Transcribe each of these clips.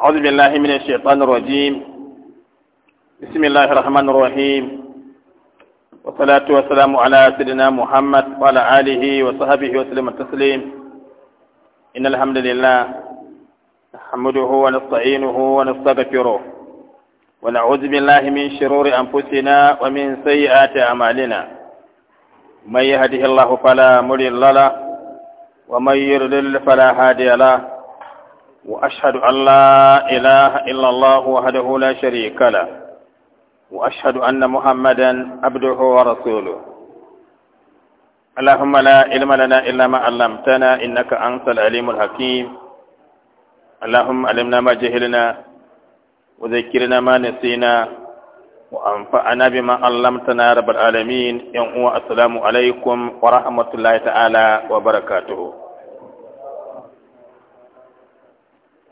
أعوذ بالله من الشيطان الرجيم بسم الله الرحمن الرحيم والصلاة والسلام على سيدنا محمد وعلى آله وصحبه وسلم التسليم إن الحمد لله نحمده ونستعينه ونستغفره ونعوذ بالله من شرور أنفسنا ومن سيئات أعمالنا من يهده الله فلا مضل له ومن يضلل فلا هادي له وأشهد أن لا إله إلا الله وحده لا شريك له وأشهد أن محمدا عبده ورسوله اللهم لا علم لنا إلا ما علمتنا إنك أنت العليم الحكيم اللهم علمنا ما جهلنا وذكرنا ما نسينا وأنفعنا بما علمتنا رب العالمين يوم السلام عليكم ورحمة الله تعالى وبركاته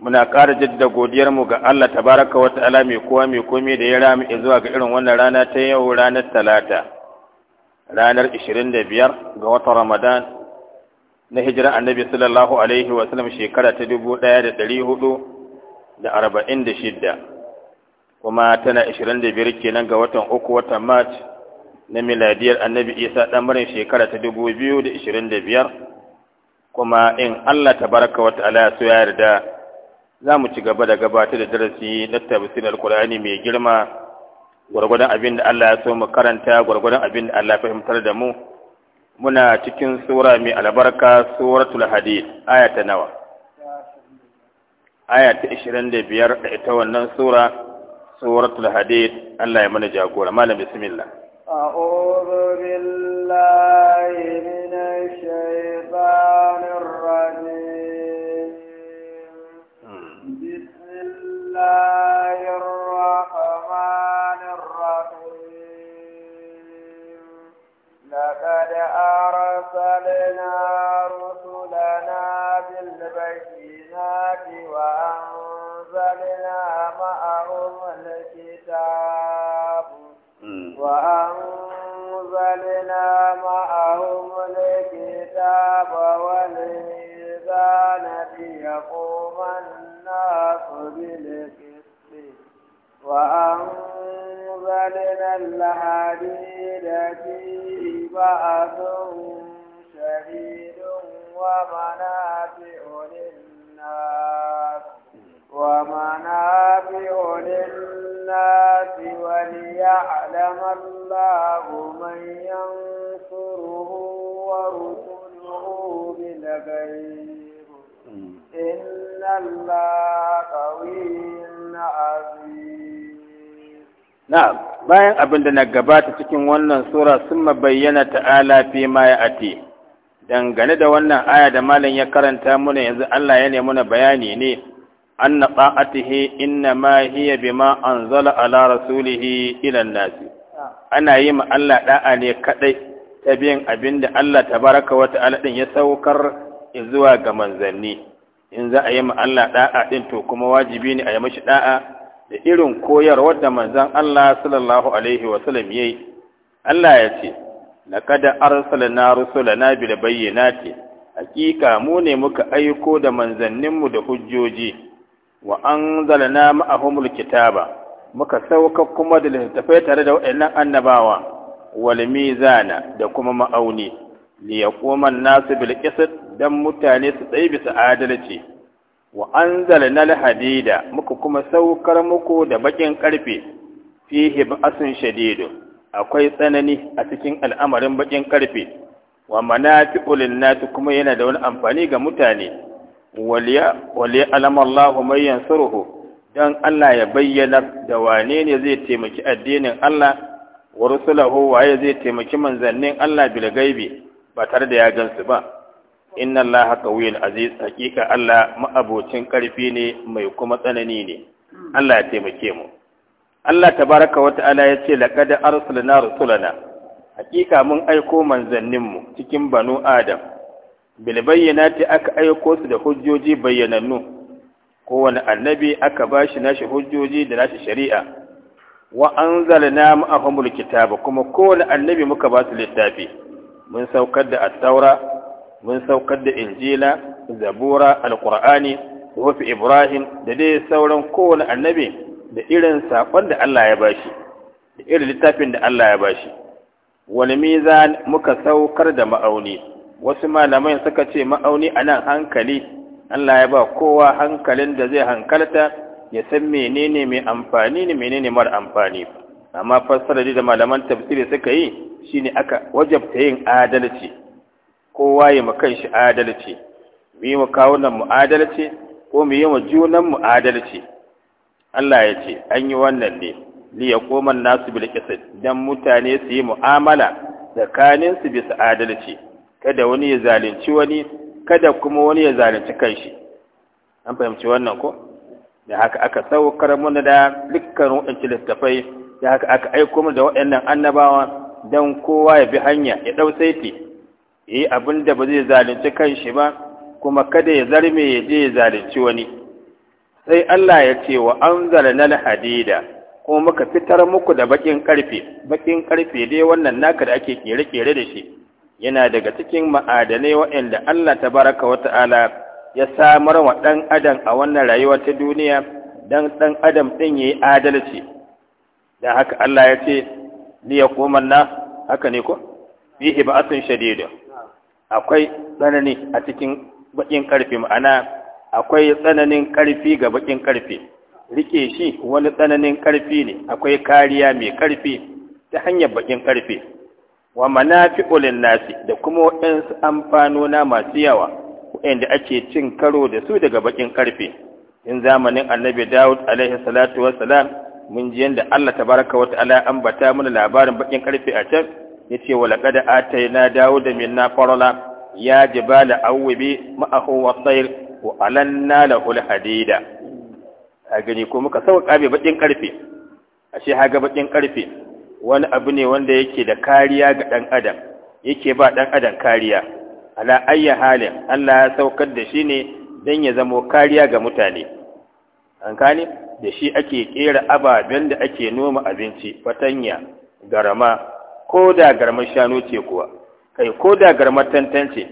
muna ƙara jaddada godiyarmu ga Allah tabaraka wa ta'ala mai kowa mai komai da ya rami zuwa ga irin wannan rana ta yau ranar talata ranar 25 ga watan Ramadan na hijira annabi sallallahu alaihi wa sallam shekara ta 1446 kuma tana 25 kenan ga watan uku watan March na miladiyar annabi Isa dan marin shekara ta 2025 kuma in Allah tabaraka wa ta'ala ya so ya yarda za mu ci gaba da gabatar da darasi na tafsirin alkur'ani mai girma gwargwadon abin da Allah ya so mu karanta gwargwadon abin da Allah ya fahimtar da mu muna cikin sura mai albarka suratul hadid aya ta nawa aya ta 25 da ita wannan sura suratul hadid Allah ya mana jagora malam bismillah a'udhu billahi minash shaitanir الله الرحمن الرحيم لقد أرسلنا رسلنا بالبينات وأنزلنا معهم الكتاب وأنزلنا معهم الكتاب والميزان ليقوم الناس بالحق وأنزلنا الحديد فيه بأس شديد ومنافع للناس ومنافع للناس وليعلم الله من ينصره ورسله بالغيب إن الله قوي عزيز Na'am, bayan abin da na gabata cikin wannan Sura sun bayyana ta'ala fi ma ya ati, dangane da wannan aya da malam ya karanta muna yanzu Allah ya nemi muna bayani ne, an na ɓa'atihi inna ma hiya bi ma an zala ala rasulihi ilan nasi. Ana yi ma Allah ɗa'a ne kaɗai ta biyan abin da Allah ta baraka wata alaɗin ya saukar zuwa ga manzanni. In za a yi ma Allah ɗa'a ɗin to kuma wajibi ne a yi mashi ɗa'a da irin koyarwar da manzan Allah sallallahu alaihi wasallam ya yayi Allah ya ce na bi da bayyana ce. hakika mu ne muka aiko da manzanninmu da hujjoji wa an na ma'ahumul kitaba muka sauka kuma da littattafai tare da waɗannan annabawa walmi zana da kuma ma'auni Liya yaquma nasu bil don mutane su tsaye bisa adalci wa na lahadi hadida muku kuma saukar muku da bakin karfe fihi ba'sun shadidu akwai tsanani a cikin al'amarin bakin karfe wa manafi'ul linnas kuma yana da wani amfani ga mutane waliya waliya alama Allahu man yansuruhu dan Allah ya bayyana da wane ne zai taimaki addinin Allah wa rusulahu waye zai taimaki manzannin Allah bil gaibi ba tare da ya gansu ba inna Allah qawiyyul aziz hakika Allah ma'abocin karfi ne mai kuma tsanani ne Allah ya taimake mu Allah baraka wa ta'ala ya ce laqad arsalna rusulana hakika mun aiko manzannin mu cikin banu adam bil bayyanati aka aiko su da hujjoji bayyanannu kowane annabi aka bashi nashi hujjoji da nashi shari'a wa anzalna ma'ahumul kitaba kuma kowane annabi muka ba su littafi mun saukar da at-taura mun saukar da injila zabura alƙur'ani, wafi ibrahim da dai sauran kowane annabi da irin saƙon da Allah ya bashi da irin littafin da Allah ya bashi wani mizan muka saukar da ma'auni wasu malamai suka ce ma'auni a nan hankali Allah ya ba kowa hankalin da zai hankalta ya san menene mai amfani ne menene mara amfani amma fassara da malaman tafsiri suka yi shine aka wajabta yin adalci kowa ya makan shi adalci mu yi kawunan mu'adalci, adalci ko mu yi wa junan mu'adalci. adalci Allah ya ce an yi wannan ne li koma nasu bil qisd dan mutane su yi mu'amala tsakanin su bisa adalci kada wani ya zalunci wani kada kuma wani ya zalunci kanshi an fahimci wannan ko da haka aka saukar mana da dukkan waɗancan littafai da haka aka aiko mana da waɗannan annabawa don kowa ya bi hanya ya ɗau saiti yi abin da ba zai zalunci kanshi ba kuma kada ya zarme ya je ya zalunci wani sai Allah ya ce wa Lahadi hadida kuma muka fitar muku da bakin karfe bakin karfe dai wannan naka da ake kere-kere da shi yana daga cikin ma'adanai waɗanda Allah Ta baraka wa ta'ala ya samar wa ɗan adam a wannan rayuwar ta duniya don ɗan adam ɗin ya yi adalci da haka Allah ya ce ni ya koma na, haka ne ko sun ba'atun shadidun akwai tsanani a cikin bakin karfe ma'ana akwai tsananin karfi ga bakin karfe rike shi wani tsananin karfi ne akwai kariya mai karfi ta hanyar bakin karfe wa manafi'ul nasi da kuma waɗansu amfanona masu yawa waɗanda ake cin karo da su daga bakin karfe in zamanin annabi Dawud alaihi salatu wassalam mun ji yanda Allah tabaraka wa ta'ala ambata mana labarin bakin karfe a can yace wa laqad atayna dawuda minna farla ya da awwibi ma'ahu wasayr wa alanna lahu alhadida a gani ko muka sauka mai bakin karfe ashe haga bakin karfe wani abu ne wanda yake da kariya ga dan adam yake ba ɗan adam kariya ala ayya halin Allah ya saukar da shi ne dan ya zamo kariya ga mutane an kane da shi ake kera ababen da ake noma abinci fatanya garama ko da garmar shanu ce kuwa kai ko da garmar tantance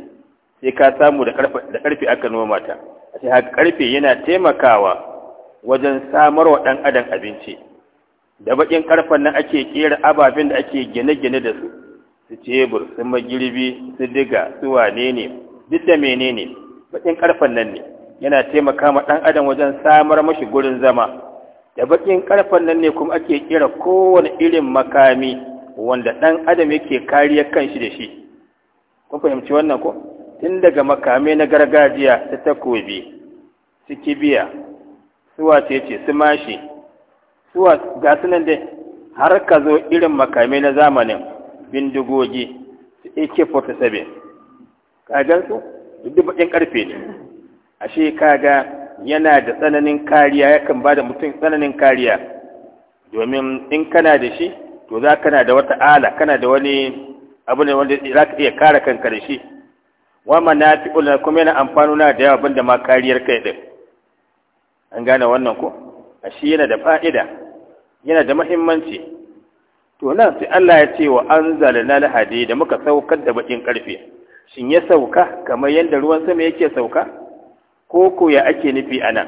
sai ka samu da karfe aka noma ta sai haka karfe yana taimakawa wajen samar wa ɗan adam abinci da bakin karfen nan ake kera ababen da ake gine-gine da su su cebur su magirbi su diga su wane ne duk da ne bakin karfen nan ne yana taimaka ma ɗan adam wajen samar mashi gurin zama da bakin karfen nan ne kuma ake kera kowane irin makami wanda ɗan adam yake kariyar kanshi da shi kun fahimci wannan ko tun daga makame na gargajiya ta takobi su kibiya su wace ce su mashi su ga su dai har ka zo irin makame na zamanin bindigogi su ak-47 kagan su duk baƙin karfe ne ashe kaga yana da tsananin kariya yakan ba da mutum tsananin kariya domin in kana da shi to za kana da wata ala kana da wani abu ne wanda za ka iya kare kanka da shi wa fi na kuma yana amfano na da yawa da ma kariyar kai din an gane wannan ko a shi yana da fa'ida yana da muhimmanci to nan sai Allah ya ce wa anzalna al-hadid da muka saukar da bakin karfe shin ya sauka kamar yadda ruwan sama yake sauka ko ko ya ake nufi anan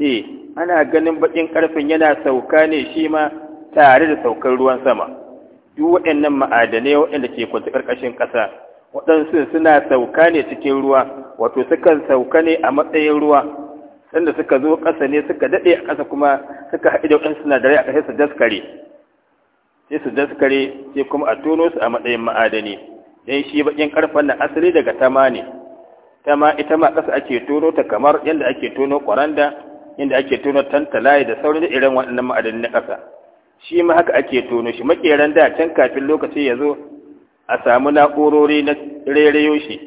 eh ana ganin bakin karfin yana sauka ne shi ma tare da saukar ruwan sama duk waɗannan ma'adanai waɗanda ke kwanci ƙarƙashin ƙasa waɗansu suna sauka ne cikin ruwa wato sukan sauka ne a matsayin ruwa sanda suka zo ƙasa ne suka daɗe a ƙasa kuma suka haɗu da waɗansu sinadarai a ƙasa su daskare sai su daskare sai kuma a tono su a matsayin ma'adani dan shi baƙin ƙarfen na asali daga tama ne tama ita ma ƙasa ake tono ta kamar yadda ake tono ƙwaranda yadda ake tono tantalaye da sauran irin waɗannan ma'adani na ƙasa shi ma haka ake tono shi makeran da can kafin lokaci ya zo a samu na'urori na rairayo shi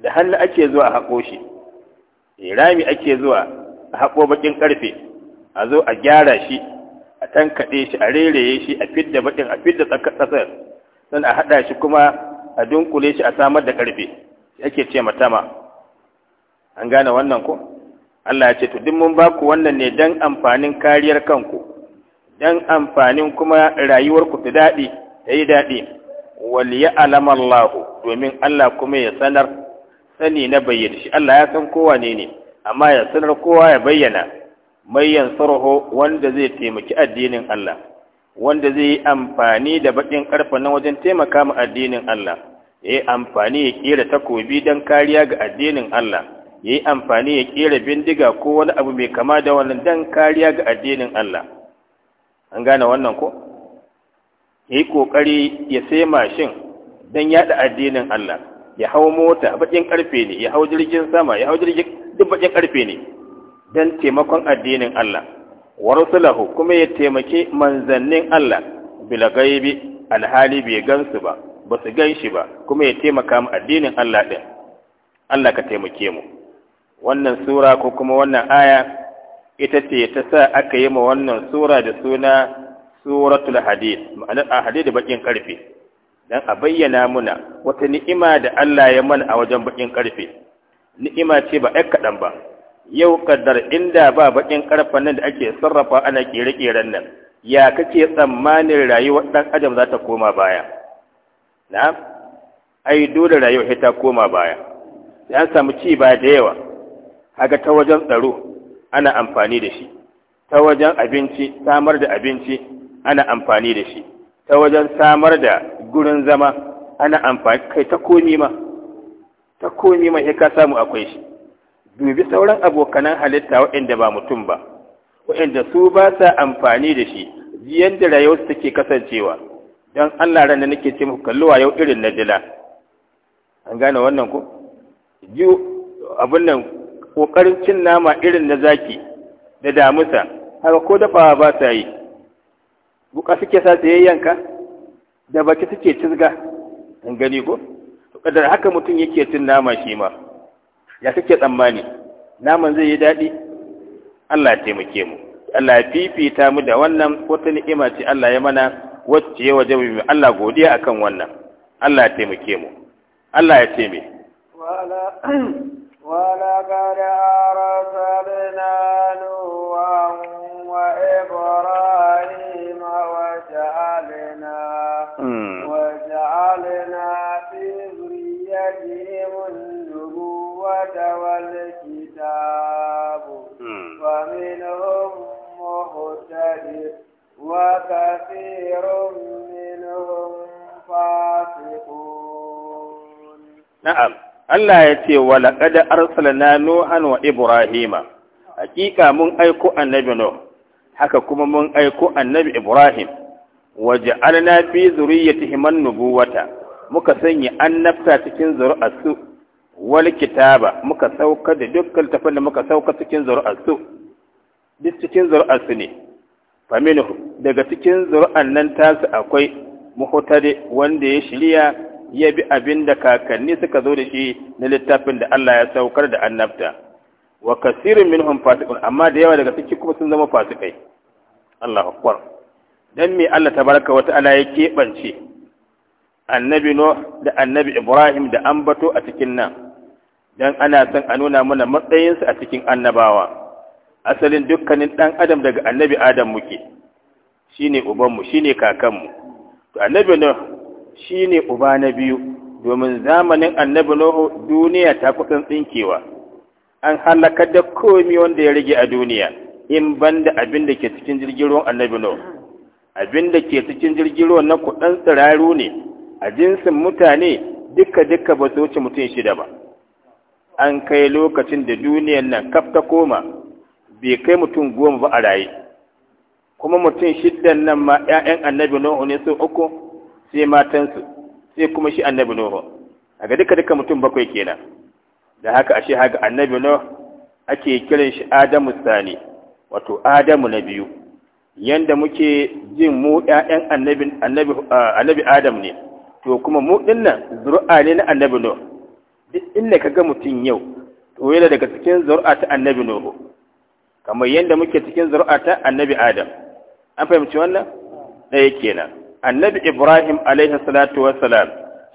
da hannu ake zuwa a haƙo shi rami ake zuwa a haƙo baƙin ƙarfe a zo a gyara shi a tankaɗe shi a rairaye shi a fidda baƙin a fidda tsakar sannan a haɗa shi kuma a dunkule shi a samar da ƙarfe ake ce matama an gane wannan ko Allah ya ce to duk mun ba ku wannan ne don amfanin kariyar kanku dan amfanin kuma rayuwar ta daɗi ta yi daɗi wal alamallahu domin Allah kuma ya sanar sani na bayyana shi Allah ya san kowa ne ne amma ya sanar kowa ya bayyana mai sarho wanda zai taimaki addinin Allah wanda zai yi amfani da baƙin karfa na wajen taimaka ma addinin Allah ya yi amfani ya ƙera takobi don kariya ga addinin Allah ya yi amfani ya ƙera bindiga ko wani abu mai kama da wannan don kariya ga addinin Allah an gane wannan ko ya yi ƙoƙari ya sai mashin don yaɗa addinin Allah ya hau mota baƙin ƙarfe ne ya hau jirgin sama ya hau jirgin duk baƙin ƙarfe ne don taimakon addinin Allah wa rasulahu kuma ya taimaki manzannin Allah bilagaibi? alhali bai gansu ba ba su gan shi ba kuma ya taimaka mu addinin Allah ɗin Allah ka taimake mu wannan sura ko kuma wannan aya ita ce ta sa aka yi ma wannan sura da suna suratul hadid ma'anar a hadid da bakin karfe dan a bayyana muna wata ni'ima da Allah ya mana a wajen bakin karfe ni'ima ce ba ɗan kaɗan ba yau kaddar inda ba bakin karfe nan da ake sarrafa ana kere-keren nan ya kake tsammanin rayuwar ɗan adam za ta koma baya na ai dole rayuwar ta koma baya sai an samu ci ba da yawa Haga ta wajen tsaro ana amfani da shi ta wajen abinci samar da abinci ana amfani da shi ta wajen samar da gurin zama ana amfani kai ta komi ma ta komi ma ya ka samu akwai shi dubi sauran abokanan halitta waɗanda ba mutum ba waɗanda su ba sa amfani da shi jiyan da su take kasancewa don Allah ranar da nake ce muku kalluwa yau irin na dila an gane wannan ko ji abin nan ƙoƙarin cin nama irin na zaki da damusa haka ko dafawa ba sa yi buka suke sa yayyanka da baki suke cizga an gani ko kadar haka mutum yake cin nama shi ma ya suke tsammani naman zai yi daɗi Allah ya taimake mu Allah ya fifita mu da wannan wata ni'ima ce Allah ya mana wacce ya waje mu Allah godiya akan wannan Allah ya taimake mu Allah ya taimake Allah ya ce wa laqad arsalna nuhan wa ibrahima hakika mun aiko annabi nuh haka kuma mun aiko annabi ibrahim wa ja'alna fi zurriyyatihim an-nubuwata muka sanya annabta cikin zuri'arsu wal kitaba muka sauka da dukkan tafin da muka sauka cikin zuri'arsu duk cikin zuri'arsu ne faminu daga cikin zuri'an nan tasu akwai muhtadi wanda ya shirya ya bi abin da kakanni suka zo da shi na littafin da Allah ya saukar da annabta wa kasirin minhum fasiqun amma da yawa daga ciki kuma sun zama fasikai Allahu akbar dan me Allah tabaraka ala ya kebance annabi Nuh da annabi Ibrahim da ambato a cikin nan dan ana son a nuna mana matsayinsu a cikin annabawa asalin dukkanin dan adam daga annabi Adam muke shine ubanmu shine kakanmu to annabi Nuh shi ne uba na biyu domin zamanin annabi Nuhu duniya ta kusan tsinkewa an halakar da komi wanda ya rage a duniya in banda abin da ke cikin jirgin ruwan annabi Nuhu abin da ke cikin jirgin ruwan na kuɗin tsiraru ne a jinsin mutane duka duka ba su wuce mutum shida ba an kai lokacin da duniyan nan kaf ta koma bai kai mutum goma ba a raye kuma mutum shidda nan ma 'ya'yan annabi Nuhu ne su uku sai matansu sai kuma shi annabi nuhu daga duka duka mutum bakwai kenan da haka ashe haka annabi nuhu ake kiran shi adamu sani wato adamu na biyu yanda muke jin mu ƴaƴan annabi annabi annabi adam ne to kuma mu dinnan zuri'a ne na annabi nuhu duk inda kaga mutum yau to yana daga cikin zuri'a ta annabi nuhu kamar yanda muke cikin zuri'a ta annabi adam an fahimci wannan ɗaya kenan annabi ibrahim alaihi salatu wassalam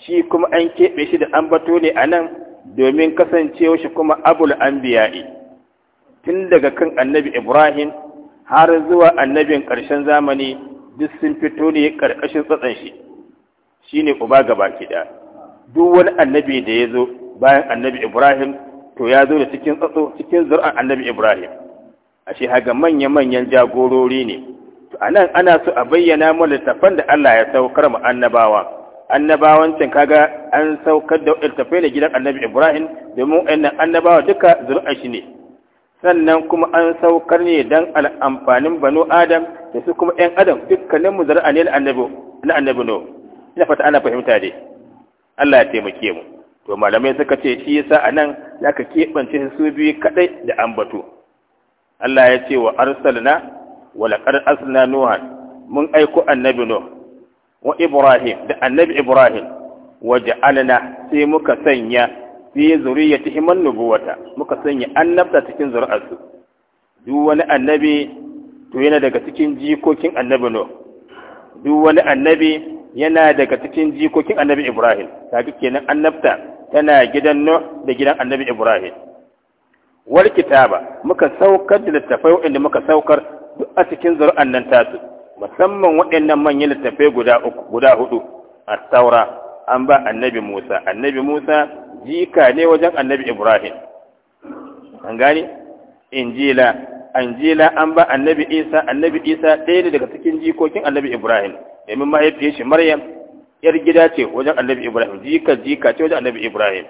shi kuma an keɓe shi da ambato ne a nan domin kasancewa shi kuma abul anbiya'i tun daga kan annabi ibrahim har zuwa annabin ƙarshen zamani duk sun fito ne ƙarƙashin tsatsan shi shine uba gaba kiɗa duk wani annabi da ya zo bayan annabi ibrahim to ya zo da cikin tsatso cikin zur'an annabi ibrahim ashe haga manya-manyan jagorori ne a nan ana so a bayyana mu littafan da Allah ya saukar mu annabawa annabawancin kaga an saukar da littafai da gidan annabi Ibrahim domin wannan annabawa duka zuri'a shi ne sannan kuma an saukar ne dan al'amfanin banu Adam da su kuma 'yan Adam dukkanin mu zuri'a ne annabi na annabi no ina fata ana fahimta dai Allah ya taimake mu to malamai suka ce shi yasa anan zaka keɓance su biyu kadai da ambato Allah ya ce wa arsalna walaƙar asna nuha mun aiko annabi nuh wa ibrahim da annabi ibrahim wa ja'alna sai muka sanya fi man nubuwata muka sanya annabta cikin zuri'arsu duk wani annabi to yana daga cikin jikokin annabi nuh duk wani annabi yana daga cikin jikokin annabi ibrahim kaga kenan annabta tana gidan nuh da gidan annabi ibrahim wal kitaba muka saukar da littafai waɗanda muka saukar duk a cikin zuri'an nan tasu musamman waɗannan manyan littattafai guda uku guda hudu a taura an ba annabi Musa annabi Musa jika ne wajen annabi Ibrahim an gane injila anjila an ba annabi Isa annabi Isa ɗaya ne daga cikin jikokin annabi Ibrahim domin mahaifiyar shi Maryam yar gida ce wajen annabi Ibrahim jika jika ce wajen annabi Ibrahim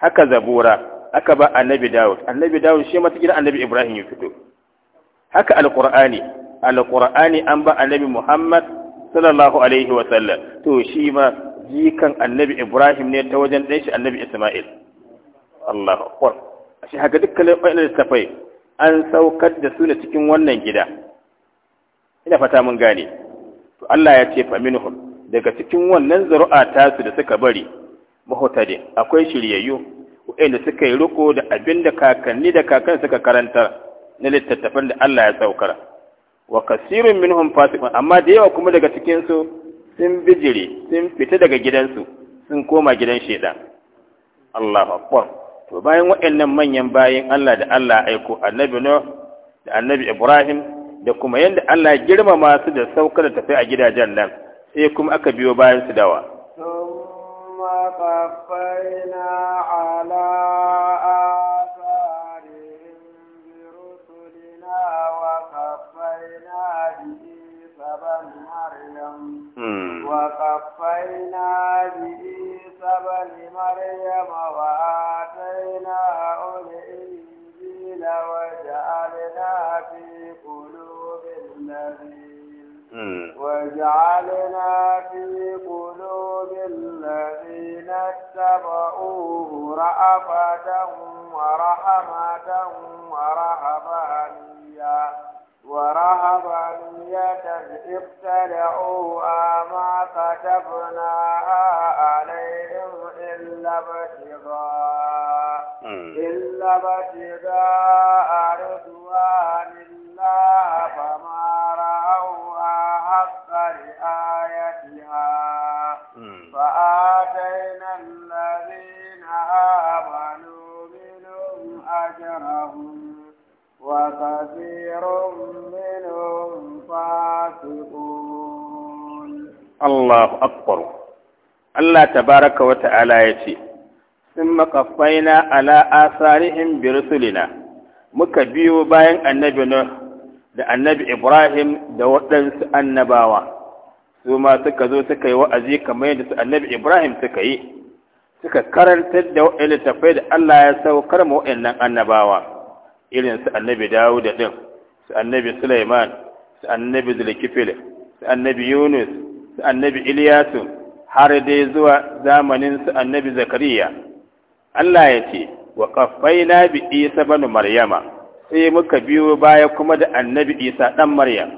haka zabura aka ba annabi Dawud annabi Dawud shi ma ta gidan annabi Ibrahim ya fito haka alqur'ani Alƙur'ani an ba annabi Muhammad sallallahu alaihi wa sallam to shi ma jikan annabi Ibrahim ne ta wajen ɗan shi annabi Isma'il Allahu akbar shi haka dukkan wannan tafai an saukar da su ne cikin wannan gida ina fata mun gane to Allah ya ce faminhum daga cikin wannan zuri'a su da suka bari mahutade akwai shiryayyu wa'anda suka yi riko da abinda kakanni da kakan suka karantar na littattafan da Allah ya saukar wa kasirun minhum fasiqun amma da yawa kuma daga cikin su sun bijire sun fita daga gidansu sun koma gidan shedan Allahu akbar to bayan waɗannan manyan bayin Allah da Allah aiko annabi Nuh da annabi Ibrahim da kuma yanda Allah ya girmama su da saukar da tafi a gidajen nan sai kuma aka biyo bayan su dawa ثم قفينا على مريم وقفينا بعيسى بن مريم وآتيناه الإنجيل وجعلنا في قلوب الذين وجعلنا في قلوب الذين اتبعوه رأفة ورحمة ورهبانية ورهبانية ابتدعوها ما كتبناها عليهم إلا ابتغاء إلا ابتغاء رضوان الله فما Allahu akbar Allah tabaraka wa ta'ala ya ce sun makafaina ala asarihim bi rusulina muka biyo bayan annabi Nuh da annabi Ibrahim da waɗansu annabawa su ma suka zo suka yi wa'azi kamar yadda su annabi Ibrahim suka yi suka karantar da waɗanda littattafai da Allah ya saukar ma waɗannan annabawa irin su annabi Dawud da ɗin su annabi Sulaiman su annabi Zulkifil su annabi Yunus su annabi Iliyasu har dai zuwa zamanin su annabi Zakariya Allah ya ce wa na bi Isa ibn Maryama sai muka biyo baya kuma da annabi Isa ɗan Maryam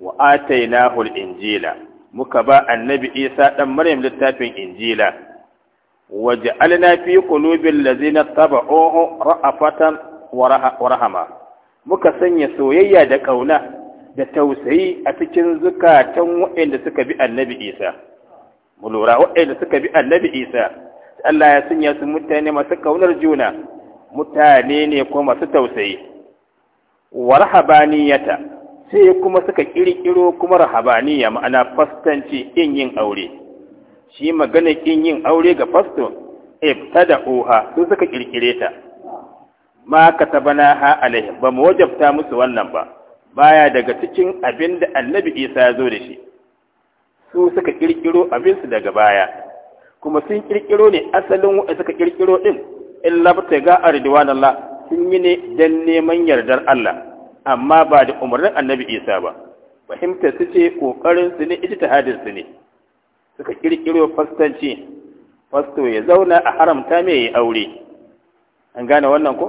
wa atainahu injila muka ba annabi Isa ɗan Maryam littafin injila wa ja'alna fi qulubil ladzina tabauhu ra'afatan wa rahama muka sanya soyayya da ƙauna. da tausayi a cikin zukatan waɗanda suka bi annabi isa mu lura waɗanda suka bi annabi isa Allah ya sanya su mutane masu kaunar juna mutane ne ko masu tausayi warhabaniyata sai kuma suka kirkiro kuma rahabaniya ma'ana fastanci in yin aure shi magana in yin aure ga fasto ibtada uha su suka kirkire ta ma katabana ha alaihi ba mu wajabta musu wannan ba baya daga cikin abin da annabi isa ya zo da shi su suka kirkiro abinsu daga baya kuma sun kirkiro ne asalin wa suka kirkiro din in labta ga arduwan Allah sun yi ne dan neman yardar Allah amma ba da umarnin annabi isa ba fahimtar su ce kokarin su ne tahadin su ne suka kirkiro fastanci fasto ya zauna a haramta mai aure an gane wannan ko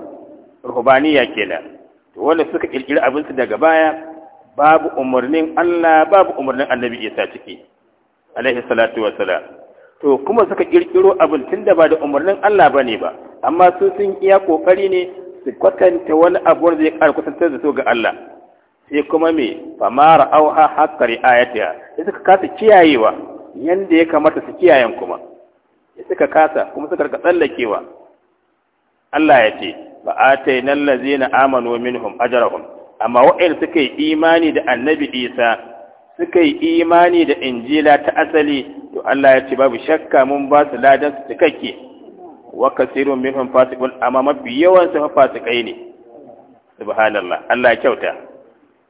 ruhbaniya kenan to wanda suka abin abinsu daga baya babu umarnin Allah babu umarnin annabi Isa ciki alaihi salatu to kuma suka kirkiro abin tun da ba da umarnin Allah ne ba amma su sun iya kokari ne su kwatanta wani abu wanda zai ƙara kwatantar da su ga Allah sai kuma me famara auha haqqari ayatiha sai suka kasa kiyayewa yanda ya kamata su kiyayen kuma sai suka kasa kuma suka tsallakewa Allah ya ce ba a tainan lazina amanu minhum ajarahum amma wa'il suka yi imani da annabi isa suka yi imani da injila ta asali to Allah ya ce babu shakka mun ba su ladan su cikakke wa kasirun minhum fasiqun amma mafi yawan su fasikai ne subhanallah Allah ya kyauta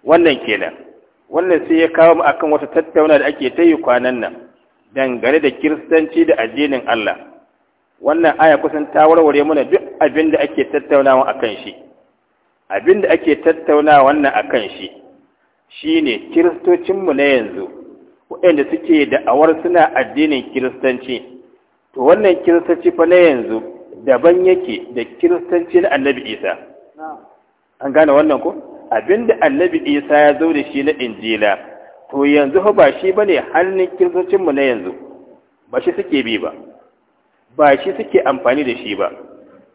wannan kenan wannan sai ya kawo mu akan wata tattauna da ake ta yi kwanan nan dangane da kiristanci da addinin Allah wannan aya kusan ta warware mana duk abin da ake tattaunawa a kan shi abin da ake tattaunawa wannan a kan shi shi ne kiristocinmu na yanzu waɗanda suke da'awar suna addinin kiristanci to wannan kiristanci fa na yanzu daban yake da kiristanci na annabi isa an gane wannan ko abin da annabi isa ya zo da shi na injila to yanzu ba shi ba ne hannun kiristocinmu na yanzu ba shi suke bi ba ba shi suke amfani da shi ba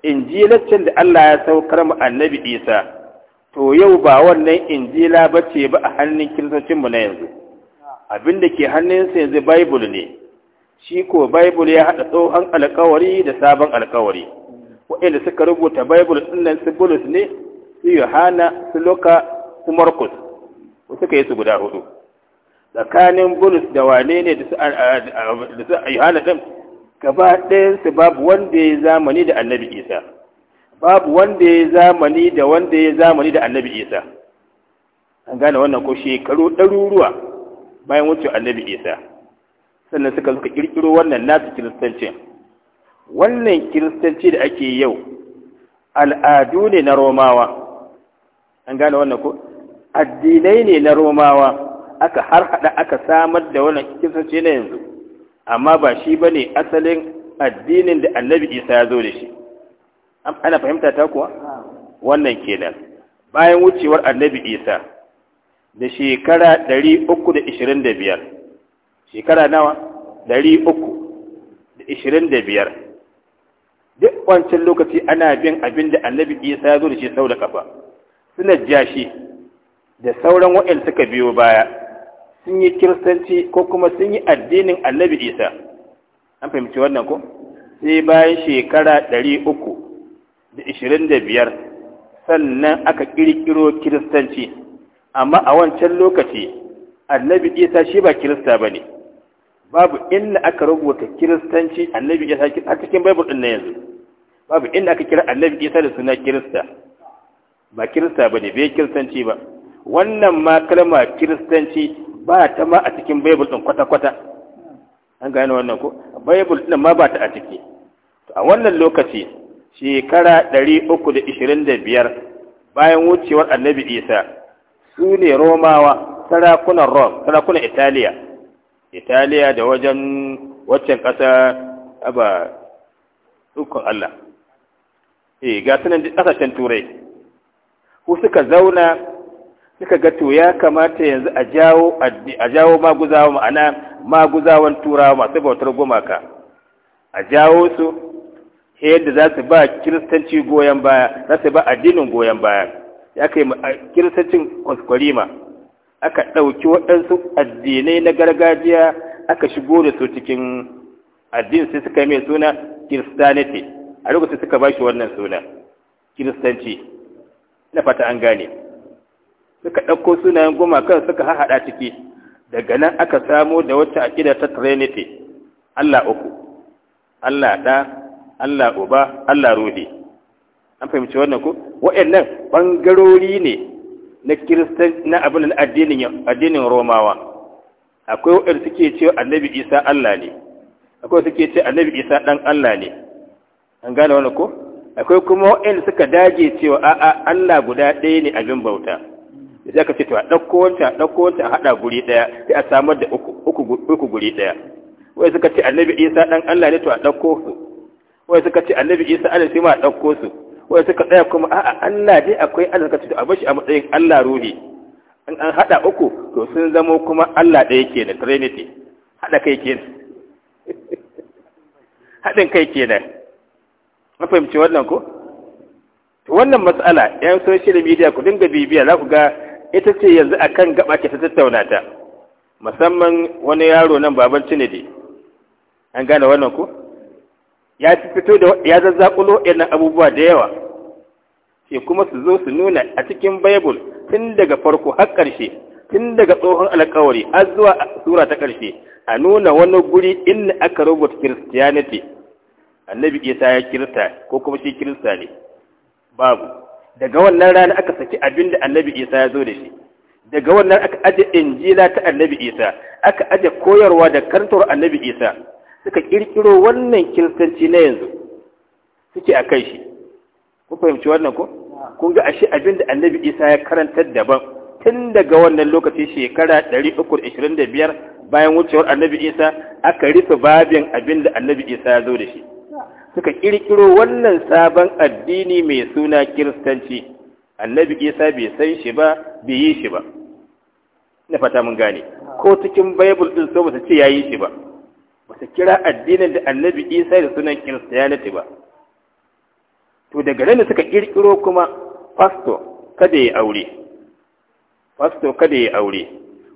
injilaccen da Allah ya saukar mu annabi Isa to yau ba wannan injila ba ce ba a hannun kiristocin na yanzu abin da ke hannunsa yanzu bible ne shi ko bible ya haɗa tsohon alkawari da sabon alkawari waɗanda suka rubuta bible sun nan su Bulus ne su Yohana su Luka su Markus suka yi su guda hudu tsakanin Bulus da wane ne da su Yohana din gaba ɗayansu babu wanda ya zamani da annabi isa babu wanda ya zamani da wanda ya zamani da annabi isa an gane wannan ko shekaru ɗaruruwa bayan wucewa annabi isa sannan suka suka ƙirƙiro wannan nasu kiristanci wannan kiristanci da ake yau al'adu ne na romawa an gane wannan ko addinai ne na romawa aka har haɗa aka samar da wannan kiristanci na yanzu amma ba shi ba ne asalin addinin da annabi isa ya zo da shi ana fahimta ta kuwa wannan kenan bayan wucewar annabi isa da shekara 325 shekara nawa 325 duk wancan lokaci ana bin abin da annabi isa ya zo da shi sau da kafa suna jashi da sauran waɗanda suka biyo baya sun yi kiristanci ko kuma sun yi addinin annabi isa an fahimci wannan ko sai bayan shekara ɗari uku da ishirin da biyar sannan aka ƙirƙiro kiristanci amma a wancan lokaci annabi isa shi ba kirista ba ne babu inda aka rubuta kiristanci annabi isa a cikin bible ɗin na yanzu babu inda aka kira annabi isa da suna kirista ba kirista ba ne bai kiristanci ba wannan ma kalma kiristanci ba ta ma a cikin bible din kwata-kwata an gane wannan ko bible din ma ba ta a ciki a wannan lokaci shekara 325 bayan wucewar annabi isa su ne romawa sarakunan rom sarakunan italiya italiya da wajen waccan ƙasa aba dukkan allah eh ga sunan ƙasashen turai ku suka zauna suka ga to ya kamata yanzu a jawo a jawo maguzawa ma'ana maguzawan turawa masu bautar gumaka a jawo su yadda za su ba kiristanci goyon baya za su ba addinin goyon baya ya kai kiristancin kwaskwarima aka ɗauki waɗansu addinai na gargajiya aka shigo da su cikin addin sai suka mai suna kiristaniti a lokacin suka ba shi wannan suna kiristanci na fata an gane suka ɗauko sunayen gumakan suka haɗa ciki daga nan aka samo da wata aƙida ta trinity Allah uku Allah ɗa Allah uba Allah ruhi an fahimci wannan ko waɗannan ɓangarori ne na kiristan na abin na addinin addinin romawa akwai waɗanda suke cewa annabi isa Allah ne akwai suke cewa annabi isa ɗan Allah ne an gane wannan ko akwai kuma waɗanda suka dage cewa a'a Allah guda ɗaya ne abin bauta sai aka ce to a ɗauko wancan ɗauko wancan haɗa guri ɗaya sai a samar da uku guri ɗaya wai suka ce annabi isa ɗan allah ne to a ɗauko su wai suka ce annabi isa allah sai ma a ɗauko su wai suka tsaya kuma a'a allah dai akwai allah suka ce to a bashi a matsayin allah ruhi in an haɗa uku to sun zamo kuma allah ɗaya kenan trinity haɗa kai kenan haɗin kai kenan na fahimci wannan ko wannan matsala yan social media ku dinga bibiya za ku ga ita ce yanzu a kan gaba ta tattauna ta musamman wani yaro nan baban cinidi an gane wannan ku. ya fito da ya zazzakulo irin abubuwa da yawa ke kuma su zo su nuna a cikin bible tun daga farko har ƙarshe tun daga tsohon alƙawari har zuwa sura ta ƙarshe a nuna wani guri inda aka rubuta christianity annabi isa ya kirista ko kuma shi kirista ne babu daga wannan rana aka saki abin da annabi isa ya zo da shi daga wannan aka aje injila ta annabi isa aka aje koyarwa da karantar annabi isa suka kirkiro wannan kiristanci na yanzu suke a kai shi ku fahimci wannan ko kun ga ashe abin da annabi isa ya karanta daban tun daga wannan lokaci shekara 325 bayan wucewar annabi isa aka rufe babin abin da annabi isa ya zo da shi suka kirkiro wannan sabon addini mai suna kiristanci annabi isa bai san shi ba bai yi shi ba na fata mun gane ko cikin bible din so su ce yayi shi ba su kira addinin da annabi isa da sunan kiristiyaniti ba to daga nan suka kirkiro kuma fasto kada ya aure fasto kada ya aure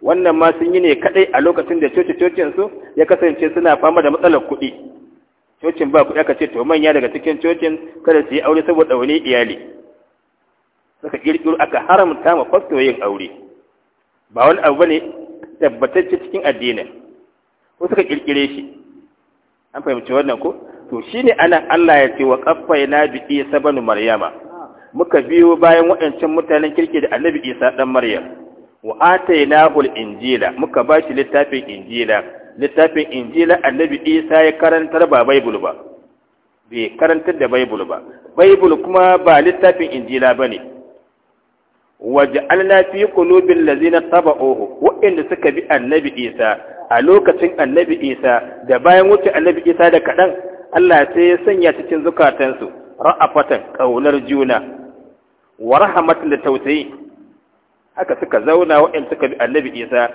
wannan ma sun yi ne kadai a lokacin da coci-cocinsu ya kasance suna fama da matsalar kuɗi cocin ba kuɗi aka ce to manya daga cikin cocin kada su yi aure saboda wani iyali suka ƙirƙiro aka haramta ma fasto yin aure ba wani abu bane tabbatacce cikin addinin ko suka kirkire shi an fahimci wannan ko to shine ana Allah ya ce wa qaffayna bi Isa banu Maryama muka biyo bayan waɗancan mutanen kirki da Annabi Isa dan Maryam wa atainahu al-injila muka bashi littafin injila littafin injila annabi isa ya karantar ba baibul ba bai karantar da baibul ba baibul kuma ba littafin injila ba ne waj'alna fi qulubil ladzina taba'uhu wa'inda suka bi annabi isa a lokacin annabi isa da bayan wuce annabi isa da kadan Allah sai ya sanya cikin zukatansu ra'afatan kaunar juna wa rahmatan da tausayi haka suka zauna wa'inda suka bi annabi isa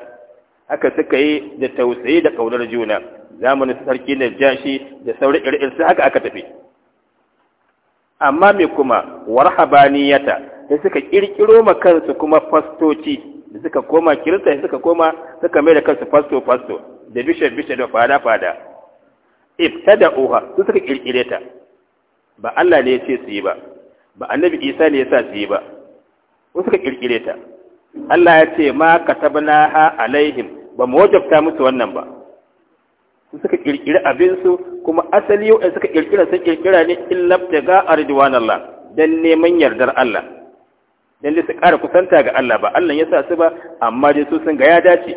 haka suka yi da tausayi da kaunar juna zamanin sarki na jashi da sauran irin su haka aka tafi amma me kuma warhabaniyata da suka kirkiro ma kansu kuma fastoci da suka koma kirista da suka koma suka mai da kansu fasto fasto da bishop bishop da fada fada ibtada uha su suka kirkire ta ba Allah ne ya ce su yi ba ba annabi Isa ne ya sa su yi ba su suka kirkire ta Allah ya ce ma ka ha alaihim ba mu wajabta musu wannan ba su suka kirkiri abinsu kuma asali yau suka kirkira sun kirkira ne illa ga arduwan Allah dan neman yardar Allah dan su kusanta ga Allah ba Allah ya sa su ba amma dai su sun ga ya dace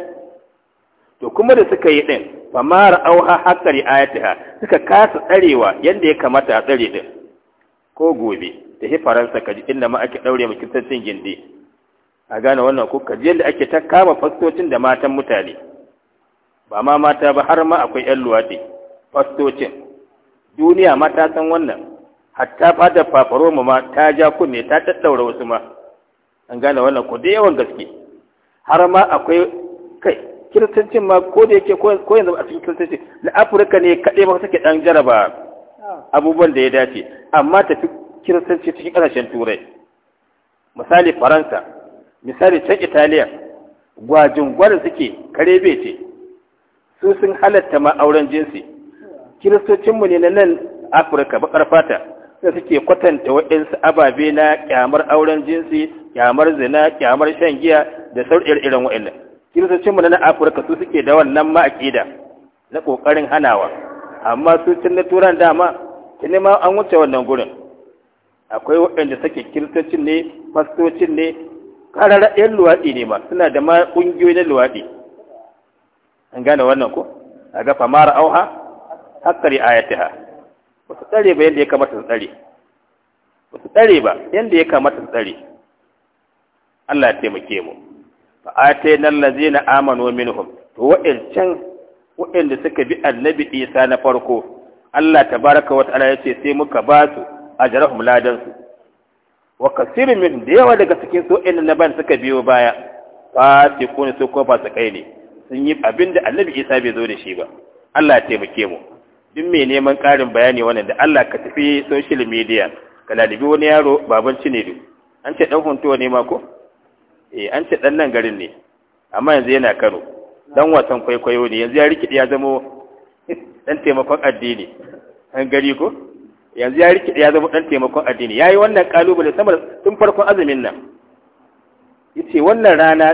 to kuma da suka yi din fa ma ra'auha haqqa ayatiha suka kasa tsarewa yanda ya kamata a tsare din ko gobe da hi faransa kaji inda ma ake daure mu kintancin gindi a gane wannan ko kaji yadda ake ta kama fastocin da matan mutane ba ma mata ba har ma akwai yan luwaɗe fastocin duniya ma ta san wannan hatta fadar fafaroma ma ta ja kunne ta tattaura wasu ma an gane wannan ko da yawan gaske har ma akwai kai kiristancin ma ko da yake ko yanzu a cikin kiristanci na afirka ne kaɗai ma take ɗan jaraba abubuwan da ya dace amma tafi kiristanci cikin ƙasashen turai misali faransa misali can italiya gwajin gwar suke kare ce su sun halatta ma auren jinsi kiristocinmu ne na nan afirka bakar fata da suke kwatanta waɗansu ababe na kyamar auren jinsi kyamar zina kyamar shan giya da sauran irin waɗannan kiristocinmu na nan afirka su suke da wannan akida na ƙoƙarin hanawa amma su tun na turan dama ne ma an wuce wannan gurin akwai waɗanda suke kiristocin ne fastocin ne ƙarara ɗayan luwaɗi ne ma suna da ma ƙungiyoyi na luwaɗi an gane wannan ko a ga mara auha haƙƙari ayatiha ba su tsare ba yadda ya kamata su tsare ba su tsare ba yadda ya kamata su tsare Allah ya taimake mu Ba a ta yi fa na Amana wa minhum to wa'ancan wa'anda suka bi annabi Isa na farko Allah ta wata ala ya ce sai muka ba su a ladan su wa min da yawa daga cikin su inda na ban suka biyo baya fasiku ne su ko kai ne sun yi abin da annabi isa bai zo da shi ba Allah ya taimake mu duk mai neman ƙarin bayani wannan da Allah ka tafi social media ka lalibi wani yaro baban cinedu an ce dan huntuwa ne ma ko eh an ce dan nan garin ne amma yanzu yana Kano dan wasan kwaikwayo ne yanzu ya rikide ya zamo dan taimakon addini an gari ko yanzu ya rike ya zama dan taimakon addini yayi wannan kalubale samar tun farkon azumin nan yace wannan rana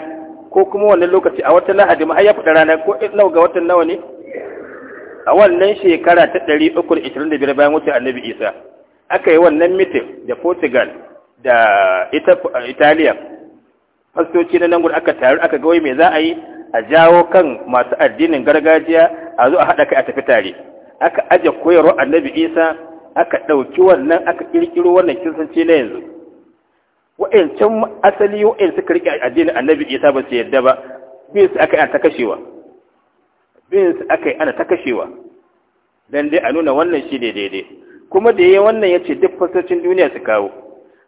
ko kuma wannan lokaci a wata lahadi ma ya fada rana ko nawa ga watan nawa ne a wannan shekara ta 325 bayan wuce annabi Isa aka yi wannan meeting da Portugal da ita Italiya fastoci na nan gudu aka taru aka ga wai me za a yi a jawo kan masu addinin gargajiya a zo a haɗa kai a tafi tare aka aje koyarwa annabi Isa aka ɗauki wannan aka ƙirƙiro wannan kisanci na yanzu wa'ancan asali wa'in suka riƙe addinin annabi isa ba su yarda ba bin su aka yi ana ta kashewa bin su aka yi ana ta kashewa dan dai a nuna wannan shi ne daidai kuma da yayi wannan ya ce duk fasocin duniya su kawo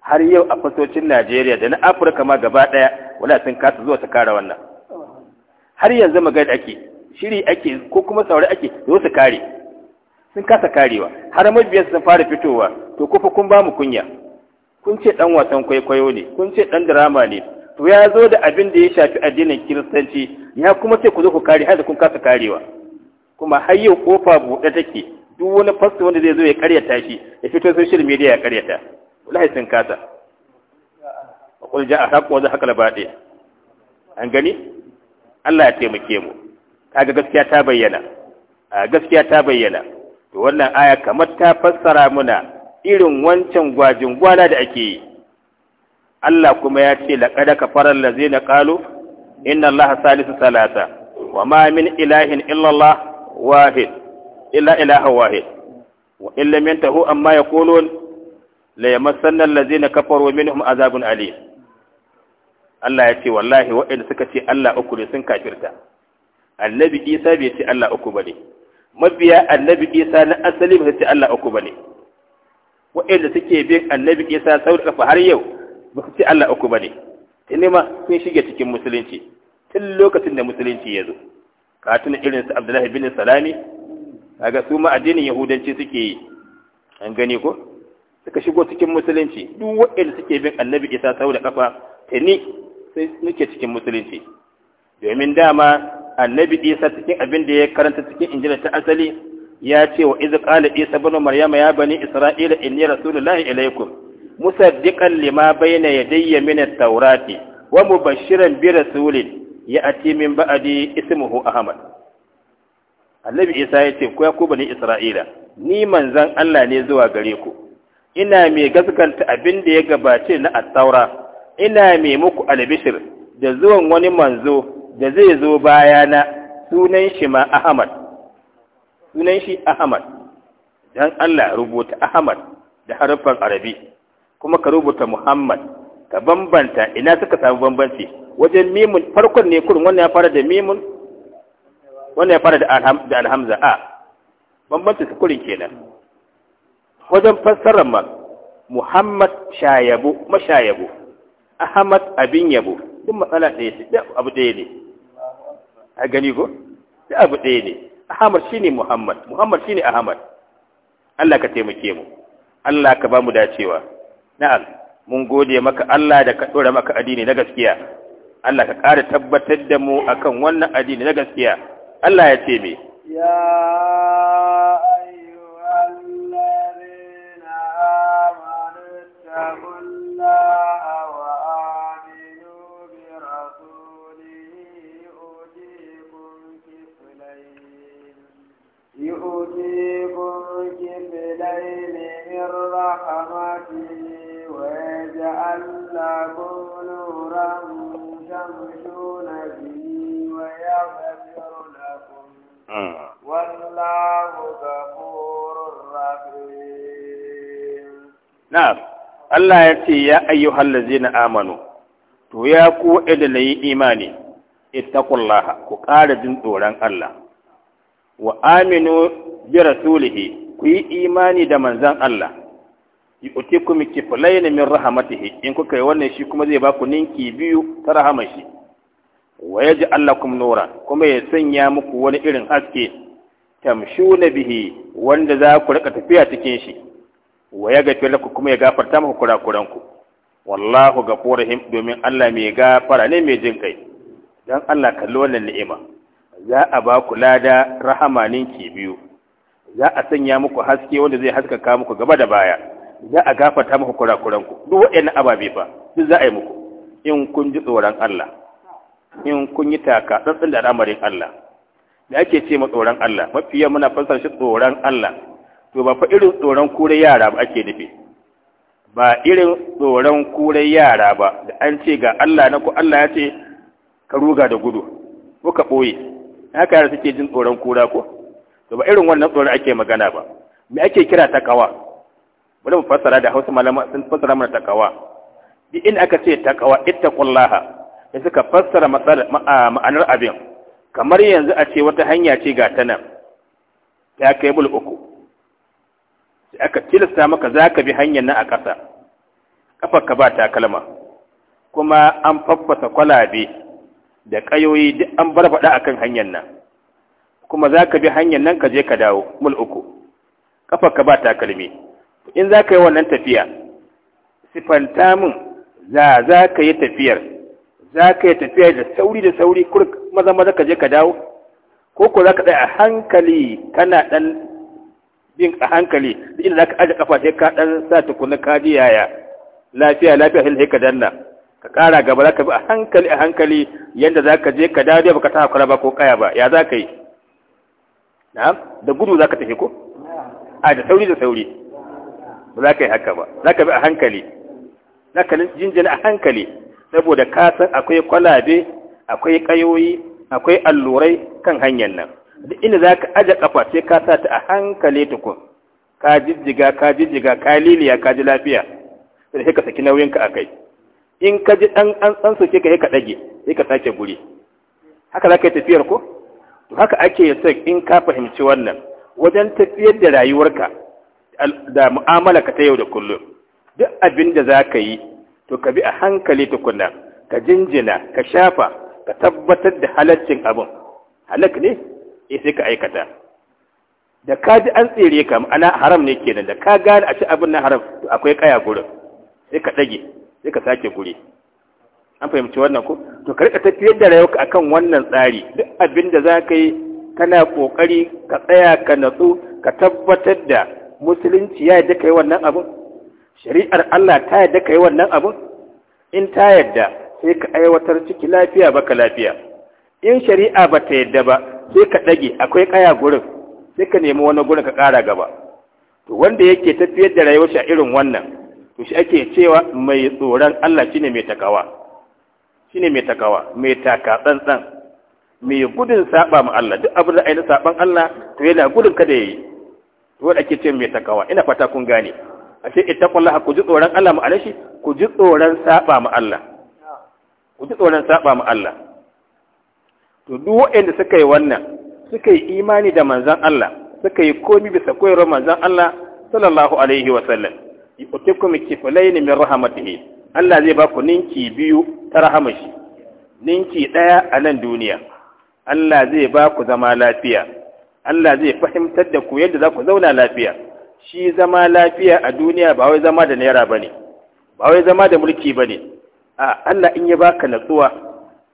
har yau a fasocin najeriya da na afirka ma gaba ɗaya wala sun kasa zuwa su kare wannan har yanzu magana ake shiri ake ko kuma saurari ake zo su kare sun kasa karewa har mabiyar sun fara fitowa to kufa kun ba mu kunya kun ce dan wasan kwaikwayo ne kun ce dan drama ne to ya zo da abin da ya shafi addinin kiristanci ya kuma ce ku zo ku kare har da kun kasa karewa kuma har yau kofa buɗe take duk wani fasto wanda zai zo ya karyata shi ya fito social media ya karyata wallahi sun kasa qul ja'a haqqu wa zahaqa batil an gani Allah ya taimake mu kaga gaskiya ta bayyana gaskiya ta bayyana to wannan aya kamar ta fassara muna irin wancan gwajin gwana da ake yi Allah kuma ya ce laqad kafara allazina qalu inna allaha salisu salasa wa ma min ilahin illa allah wahid illa ilahu wahid wa illa yantahu amma yaqulun la yamassanna allazina kafaru minhum azabun alim Allah ya ce wallahi waɗanda suka ce Allah uku ne sun kafirta annabi Isa bai ce Allah uku bane mabiya annabi isa na asali ba su Allah uku ba ne wa'inda suke bin annabi isa sau da har yau ba su ce Allah uku ba ne tuni ma sun shige cikin musulunci tun lokacin da musulunci ya zo ka tuna irin su abdullahi bin salami kaga su ma addinin yahudanci suke yi an gani ko suka shigo cikin musulunci duk wa'inda suke bin annabi isa sau da kafa ni sai suke cikin musulunci domin dama annabi isa cikin abin da ya karanta cikin injila ta asali ya ce wa iz qala isa ibn maryama ya bani isra'ila inni rasulullahi ilaykum musaddiqan lima bayna yadayya min at-taurati wa mubashiran bi rasulin ya'ti min ba'di ismuhu ahmad annabi isa ya ce ko ku bani isra'ila ni manzan Allah ne zuwa gare ku ina mai gaskanta abin da ya gabace na at-taura ina mai muku albishir da zuwan wani manzo da zai zo bayana sunan shi ma Ahmad sunan shi Ahmad dan Allah rubuta Ahmad da harafan Arabi kuma ka rubuta Muhammad ka bambanta ina suka samu bambanci wajen mimun farkon ne kurin wannan ya fara da mimun wannan ya fara da alhamza a bambanci su kurin kenan wajen fassarar ma Muhammad shayabu mashayabu Ahmad abin yabo duk matsala ɗaya ce abu ɗaya ne a gani ko da abu ɗaya ne ahmad shine muhammad muhammad ne ahmad Allah ka taimake mu Allah ka ba mu dacewa na'am mun gode maka Allah da ka ɗora maka addini na gaskiya Allah ka ƙara tabbatar da mu akan wannan addini na gaskiya Allah ya ce me ya Na’am, Allah ya ce, “Ya ayyu hallazi amanu, to ya ku waɗanda na yi imani, ittakullaha, ku ƙara jin tsoron Allah, wa aminu bi rasulihi, ku yi imani da manzan Allah.” ki kiflayn min rahmatihi in kuka yi wannan shi kuma zai baku ninki biyu ta rahamar shi wa yaj'al lakum nura kuma ya sanya muku wani irin haske tamshuna bihi wanda za ku rika tafiya cikin shi wa yaghfir lakum kuma ya gafarta muku kurakuranku wallahu ghafurur domin Allah mai gafara ne mai jin kai dan Allah kalli wannan ni'ima za a ba ku lada rahama ninki biyu za a sanya muku haske wanda zai haskaka muku gaba da baya za a gafata muku kurakuranku duk waɗannan ababe fa duk za a yi muku in kun ji tsoron Allah in kun yi taka tsantsan da al'amarin Allah da ake ce ma tsoron Allah mafi yawa muna fassara shi tsoron Allah to ba fa irin tsoron kure yara ba ake nufi ba irin tsoron kure yara ba da an ce ga Allah na ku Allah ya ce ka ruga da gudu ko ka ɓoye haka yara suke jin tsoron kura ko to ba irin wannan tsoron ake magana ba me ake kira ta kawa wani fassara da hausa malama sun fassara mana takawa duk in aka ce takawa ittaqullaha sai suka fassara ma'anar abin kamar yanzu a ce wata hanya ce ga ta nan ta kai bul uku sai aka tilasta maka za ka bi hanyar nan a ƙasa ka ba takalma kuma an faffasa kwalabe da ƙayoyi duk an barbaɗa a kan hanyar nan kuma za ka bi hanyar nan ka je ka dawo mul uku ka ba takalmi in za ka yi wannan tafiya sifanta min za za ka yi tafiyar za ka yi tafiya da sauri da sauri kurk maza maza ka je ka dawo ko ko za ka tsaya a hankali kana dan bin a hankali duk inda za ka aje kafa sai ka dan sa tukuna ka ji yaya lafiya lafiya sai ka danna ka kara gaba za ka bi a hankali a hankali yadda za ka je ka dawo dai baka ta ba ko kaya ba ya za ka yi da gudu za ka tafi ko a da sauri da sauri ba za ka yi haka ba za ka bi a hankali za ka jinjina a hankali saboda ka san akwai kwalabe akwai kayoyi akwai allurai kan hanyar nan duk inda za ka aje kafa sai ka sa ta a hankali tukun ka jijjiga ka jijjiga ka liliya ka ji lafiya sai ka saki nauyinka a kai in ka ji ɗan an san soke ka sai ka ɗage sai ka sake guri haka za ka yi tafiyar ko to haka ake son in ka fahimci wannan wajen tafiyar da rayuwarka da mu'amala ka ta yau da kullum duk abin da za ka yi to ka bi a hankali tukunna ka jinjina ka shafa ka tabbatar da halaccin abin halak ne eh sai ka aikata da ka ji an tsere ka ana haram ne kenan da ka gane a ci abin na haram to akwai kaya gurin sai ka ɗage sai ka sake guri an fahimci wannan ko to ka rika tafiyar da rayuwarka akan wannan tsari duk abin da za ka yi kana kokari ka tsaya ka natsu ka tabbatar da musulunci ya yadda ka yi wannan abin shari'ar Allah ta yadda ka yi wannan abin in ta yadda sai ka aiwatar ciki lafiya baka lafiya in shari'a ba ta yadda ba sai ka ɗage akwai ƙaya gurin sai ka nemi wani gurin ka ƙara gaba to wanda yake tafiyar da rayuwar shi a irin wannan to shi ake cewa mai tsoron Allah shine mai takawa shine mai takawa mai taka tsantsan mai gudun saba ma Allah duk abin da ainihin saban Allah to yana gudun kada ya yi. wanda ake ce mai takawa ina fata kun gane ce ittaqullaha ku ji tsoron Allah mu alashi ku ji tsoron saba mu Allah ku ji tsoron saba mu Allah to duk waɗanda suka yi wannan suka yi imani da manzon Allah suka yi komi bisa koyarwar manzon Allah sallallahu alaihi wa sallam yu'tikum kifalaini min rahmatihi Allah zai ba ku ninki biyu ta rahamashi ninki daya a nan duniya Allah zai ba ku zama lafiya Allah zai fahimtar da ku yadda za ku zauna lafiya shi zama lafiya a duniya ba wai zama da naira ba ne, ba wai zama da mulki ne. a Allah in ya baka natsuwa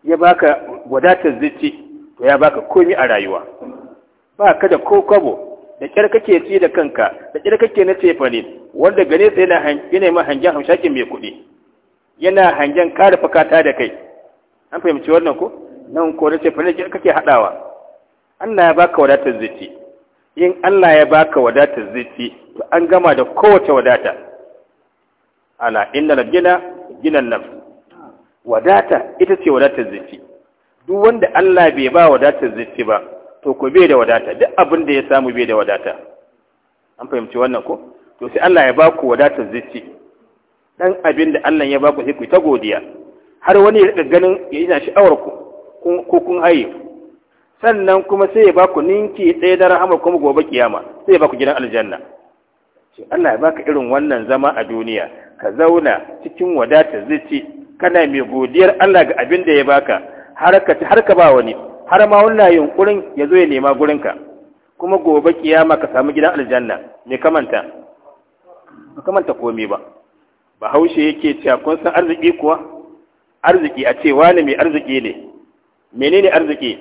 ya baka wadatar zuci to ya baka komi a rayuwa ba ka da ko kwabo da kyar kake ci da kanka da kyar kake na tefa ne wanda gane sai yana yana ma hangen hamshakin mai kuɗi yana hangen kare fakata da kai an fahimci wannan ko nan ko na tefa ne kake haɗawa Allah ya baka wadatar zuci in Allah ya baka wadatar zuci to an gama da kowace wadata ala na gina ginan nafs wadata ita ce wadatar zuci duk wanda Allah bai ba wadatar zuci ba to ku bai da wadata duk abin da ya samu bai da wadata an fahimci wannan ko to sai Allah ya baku wadatar zuci dan abin da Allah ya baku sai ku ta godiya har wani ya rika ganin ya yana sha'awar ku ko kun haye sannan kuma sai ya baku ninki ɗaya da rahama kuma gobe kiyama sai ya baku gidan aljanna shi Allah ya baka irin wannan zama a duniya ka zauna cikin wadata zuci kana mai godiyar Allah ga abin da ya baka har ka har ka ba wani har ma wannan yunkurin ya zo ya nema gurinka kuma gobe kiyama ka samu gidan aljanna me ka ba kamanta komai ba bahaushe yake cewa kun san arziki kuwa arziki a ce wani mai arziki ne menene arziki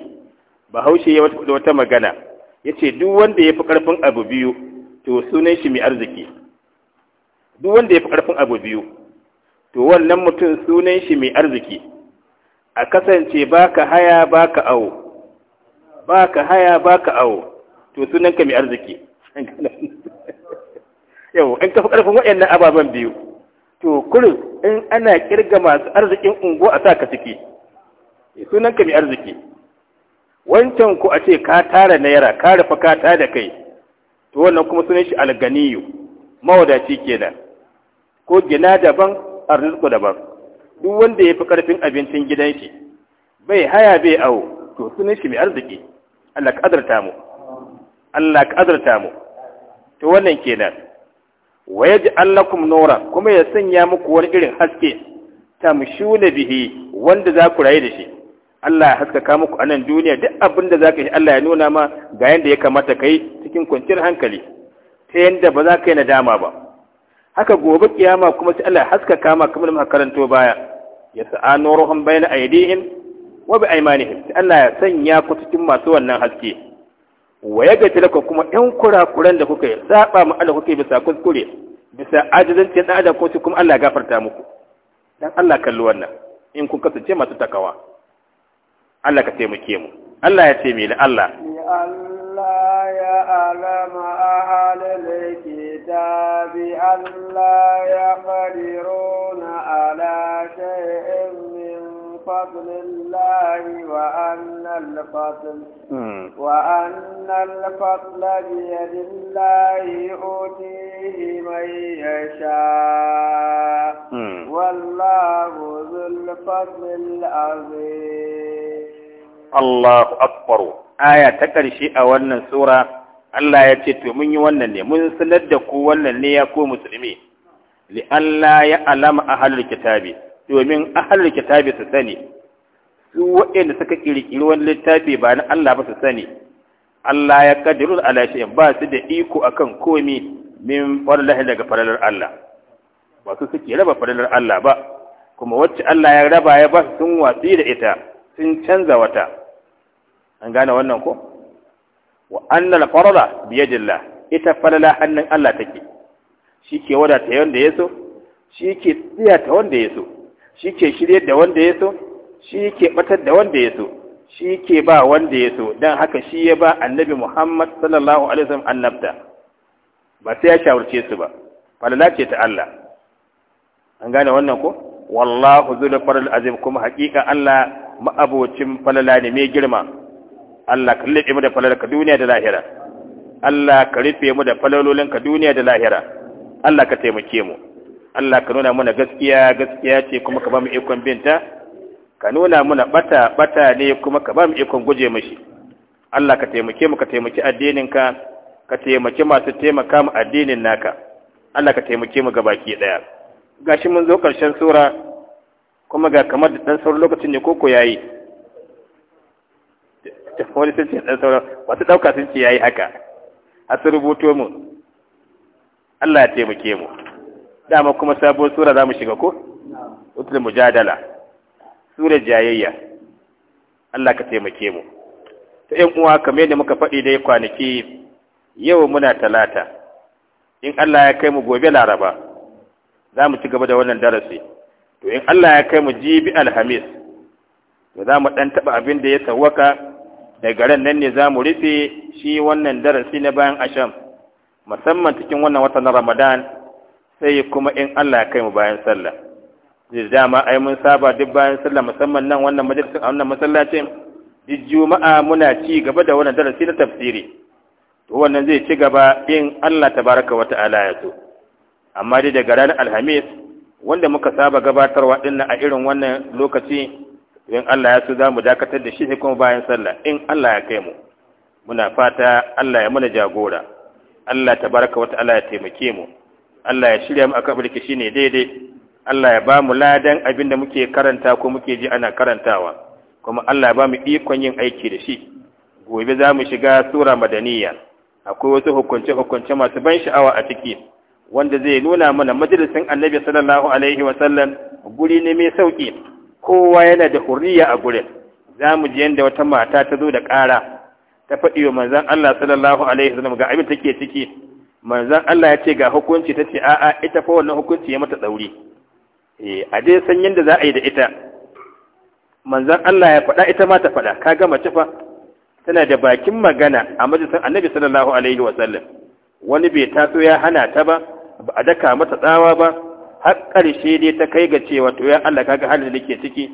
bahaushe ya da wata magana ya ce duk wanda ya fi ƙarfin abu biyu to sunan shi mai arziki duk wanda ya fi ƙarfin abu biyu to wannan mutum sunan shi mai arziki a kasance baka haya baka awo baka haya baka awo to sunan ka mai arziki yau in ka fi ƙarfin waɗannan ababen biyu to kurin in ana kirga masu arzikin unguwa a sa ka ciki sunan ka mai arziki wancan ku a ce ka tara naira ka rufa ka ta da kai to wannan kuma sunan shi alganiyu mawadaci kenan ko gina daban arzuku daban duk wanda ya fi karfin abincin gidan shi bai haya bai awo to sunan shi mai arziki Allah ka azurta mu Allah ka azurta mu to wannan kenan wa yaj'al lakum nura kuma ya sanya muku wani irin haske Ta tamshuna bihi wanda za ku raye da shi Allah ya haskaka muku a nan duniya duk abin da za ka yi Allah ya nuna ma ga yadda ya kamata ka yi cikin kwanciyar hankali ta yadda ba za ka yi nadama ba haka gobe kiyama kuma sai Allah ya haskaka ma kamar muka karanto baya ya sa'a nuruhum bayna aydihim wa bi aymanihim sai Allah ya sanya ku cikin masu wannan haske wa ya gaci laka kuma ɗan kurakuran da kuka yi saba mu Allah kuka yi bisa kuskure bisa ajizancin ɗan adam ko kuma Allah ya gafarta muku dan Allah kalli wannan in kun kasance masu takawa Allah ka taimake mu Allah ya ce mai Allah Allah ya alama ahalil kitabi Allah ya qadiruna ala shay'in min fadlillahi wa anna al-fadl hmm. wa anna al yasha hmm. Allahu akbaru aya ta ƙarshe a wannan sura Allah ya ce to mun yi wannan ne mun sanar da ku wannan ne ya ku musulmi li Allah ya alama ahlul kitabi domin ahlul kitabi su sani su waɗanda suka kirkiri wani littafi ba na Allah ba su sani Allah ya kaddaru ala shay'in ba su da iko akan komi min fadlihi daga farlar Allah ba su suke raba farlar Allah ba kuma wacce Allah ya raba ya ba su sun watsi da ita sun canza wata an gane wannan ko wa annal farada bi yadillah ita falala hannun Allah take shi ke ta yanda ya so shi ke tsiya ta wanda ya so shi ke shirye da wanda ya so shi ke batar da wanda ya so shi ke ba wanda ya so don haka shi ya ba annabi Muhammad sallallahu alaihi wasallam annabta ba sai ya shawarce su ba falala ce ta Allah an gane wannan ko wallahu zul faral azim kuma haƙiƙa Allah ma'abocin falala ne mai girma Allah ka liƙe mu da falalarka duniya da lahira Allah ka rufe mu da falalolinka duniya da lahira Allah ka taimake mu Allah ka nuna mana gaskiya gaskiya ce kuma ka ba mu ikon binta ka nuna mana bata bata ne kuma ka ba mu ikon guje mashi, Allah ka taimake mu ka taimaki addininka ka taimaki masu taimaka mu addinin naka Allah ka taimake mu gabaki daya gashi mun zo karshen sura kuma ga kamar da dan sauran lokacin ne koko yayi wani sun ce ɗan sauran wasu ɗauka sun ce ya yi haka a sun rubuto mu Allah ya taimake mu dama kuma sabuwar sura za mu shiga ko utul mujadala sura jayayya Allah ka taimake mu ta yin uwa kamar yadda muka faɗi dai kwanaki yau muna talata in Allah ya kai mu gobe laraba za mu ci gaba da wannan darasi to in Allah ya kai mu jibi alhamis to za mu ɗan taɓa abin da ya sawwaka da ran nan ne za mu rufe shi wannan darasi na bayan asham musamman cikin wannan wata ramadan sai kuma in allah ya kai mu bayan sallah zai dama ai mun saba duk bayan sallah musamman nan wannan majalisar a wannan masallacin duk juma'a muna ci gaba da wannan darasi na tafsiri to wannan zai ci gaba in allah tabaraka wa ta'ala ya so amma dai daga ranar alhamis wanda muka saba gabatarwa dinnan a irin wannan lokaci in Allah ya so za mu dakatar da shi ne kuma bayan sallah in Allah ya kai mu muna fata Allah ya mana jagora Allah baraka wata Allah ya taimake mu Allah ya shirya mu akan birki shi ne daidai Allah ya ba mu ladan abin da muke karanta ko muke ji ana karantawa kuma Allah ya ba mu ikon yin aiki da shi gobe za mu shiga sura madaniya akwai wasu hukunce hukunce masu ban sha'awa a ciki wanda zai nuna mana majalisin annabi sallallahu alaihi wa sallam guri ne mai sauki kowa yana da hurriya a gurin za mu ji yadda wata mata ta zo da ƙara ta faɗi wa manzan Allah sallallahu alaihi wasallam ga abin take ciki manzan Allah ya ce ga hukunci ta ce a'a ita fa wannan hukunci ya mata tsauri eh a dai san yadda za a yi da ita manzan Allah ya faɗa ita ma ta faɗa kaga mace fa tana da bakin magana a majalisar annabi sallallahu alaihi wasallam wani bai taso ya hana ta ba ba a daka mata tsawa ba har ƙarshe dai ta kai ga cewa to ya Allah kaga halin da nake ciki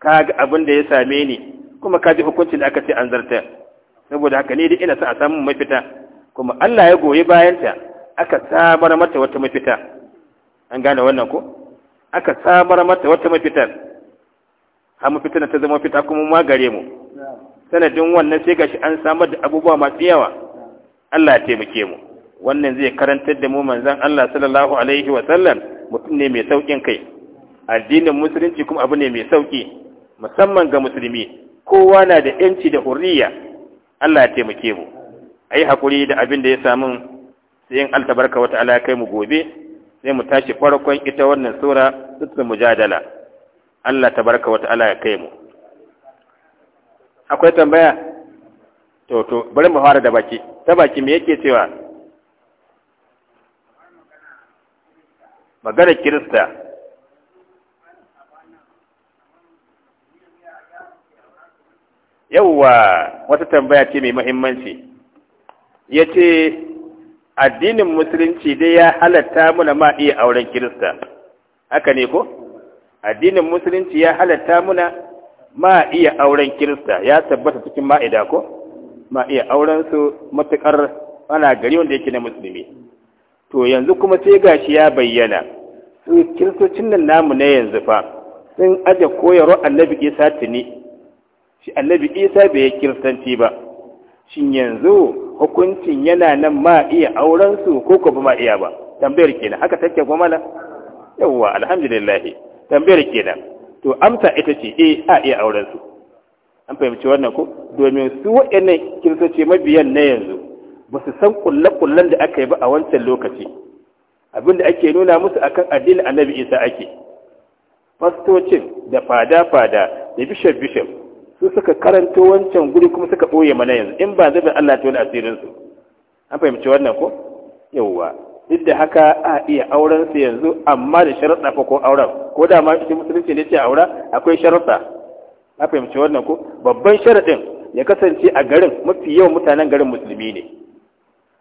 kaga abin da ya same ni kuma kaji hukuncin da aka ce an zarta saboda haka ne dai ina sa a samu mafita kuma Allah ya goyi bayanta aka samar mata wata mafita an gane wannan ko aka samar mata wata mafitar har mafita ta zama mafita kuma ma gare mu sanadin wannan sai gashi an samar da abubuwa masu yawa Allah ya taimake mu wannan zai karantar da mu manzon Allah sallallahu alaihi wa sallam mutum ne mai saukin kai addinin musulunci kuma abu ne mai sauki musamman ga musulmi kowa na da yanci da hurriya Allah ya taimake mu A yi hakuri da abin da ya samu sai yin altabarka wata ala kai mu gobe sai mu tashi farkon ita wannan sura sura mujadala Allah tabaraka wata ala ya kai mu akwai tambaya to to bari mu fara da baki ta baki me yake cewa maganar kirista yauwa wata tambaya ce mai mahimmanci ya ce addinin musulunci dai ya halatta muna ma iya auren kirista haka ne ko addinin musulunci ya halatta muna ma iya auren kirista ya tabbata cikin ma'ida ko ma iya auren su matuƙar ana gari wanda yake na musulmi to yanzu kuma sai gashi ya bayyana su kiristocin nan namu na yanzu fa sun aje koyarwa annabi isa tuni shi annabi isa bai yi kiristanci ba shin yanzu hukuncin yana nan ma iya aurensu ko ko ba ma iya ba tambayar kenan haka take ko mala yawwa alhamdulillah tambayar kenan to amsa ita ce eh a iya aurensu an fahimci wannan ko domin su waɗannan kiristoci mabiyan na yanzu ba su san kullakullan da aka yi ba a wancan lokaci Abin abinda ake nuna musu akan addinin annabi isa ake fastocin da fada-fada da bishop-bishop su suka karanto wancan guri kuma suka ɓoye mana yanzu in ba zaɓin allah ta wani asirinsu an fahimci wannan ko yawwa duk da haka a iya auren su yanzu amma da sharaɗa fa ko auren ko da ma shi musulunci ne ce aura akwai sharaɗa an fahimci wannan ko babban sharaɗin ya kasance a garin mafi yawan mutanen garin musulmi ne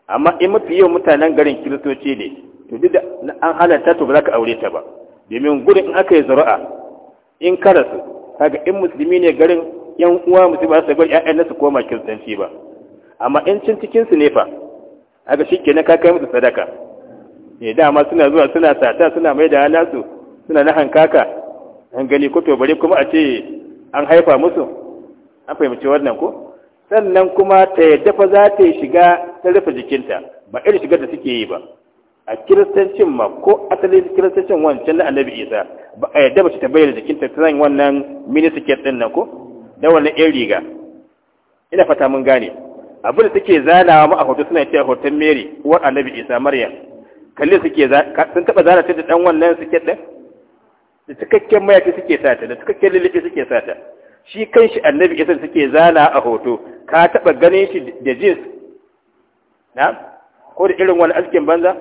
amma in mafi yawan mutanen garin kiristoci ne to duk da an halatta to ba za ka aure ta ba domin gudun in aka yi zuri'a in kara su kaga in musulmi ne garin yan uwa musulmi ba su bar ƴaƴan nasu koma kiristanci ba amma in cin cikin su ne fa aga shikenan ka kai musu sadaka ne eh, dama suna zuwa suna sata suna mai da su? suna na hankaka an gani ko to bare kuma a ce an haifa musu an fahimci wannan ko sannan kuma ta yadda fa za ta yi shiga ta rufe jikinta ba irin shigar da suke yi ba a kiristancin ma ko asalin kiristancin wancan na annabi isa ba a yadda ba ta bayyana jikinta ta zan wannan minisiket din nan ko da wannan yan riga ina fata mun gane abin da suke zanawa ma a hoto suna cewa hoton mary uwar annabi isa maryam kalli suke sun taɓa zana ta da ɗan wannan siket ɗin da cikakken mayaki suke sata da cikakken lilifi suke sata shi kanshi annabi isa suke zana a hoto ka taɓa ganin shi da jins na ko da irin wani askin banza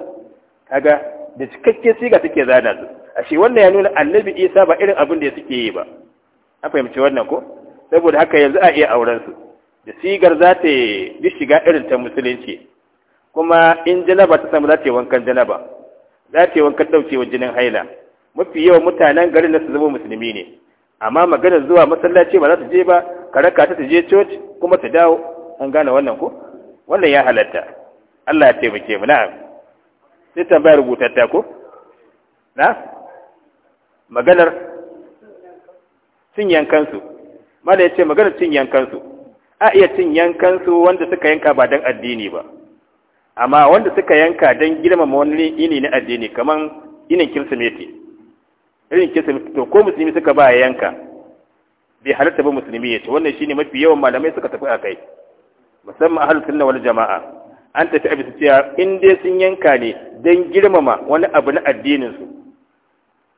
kaga da cikakke siga take zana su ashe wannan ya nuna annabi isa ba irin abin da suke yi ba an fahimci wannan ko saboda haka yanzu a iya auren su da sigar za ta yi shiga irin ta musulunci kuma in janaba ta samu za ta yi wankan janaba za ta yi wankan ɗaukewar jinin haila mafi yawan mutanen garin na su zama musulmi ne amma maganar zuwa masallaci ba za su je ba ka raka ta je coci kuma ta dawo an gane wannan ko wannan ya halatta Allah ya taimake mu na'am sai tambayar rubutatta ko na maganar cin yankansu mala ya ce maganar cin yankansu a iya cin yankansu wanda suka yanka ba don addini ba amma wanda suka yanka don girmama wani ini na addini kamar inin kirsimeti irin kirsimeti to ko musulmi suka ba yanka bai halatta ba musulmi ya ce wannan shine mafi yawan malamai suka tafi a kai musamman ahlus sunna wal jama'a an tafi a bisa cewa in dai sun yanka ne dan girmama wani abu na addinin su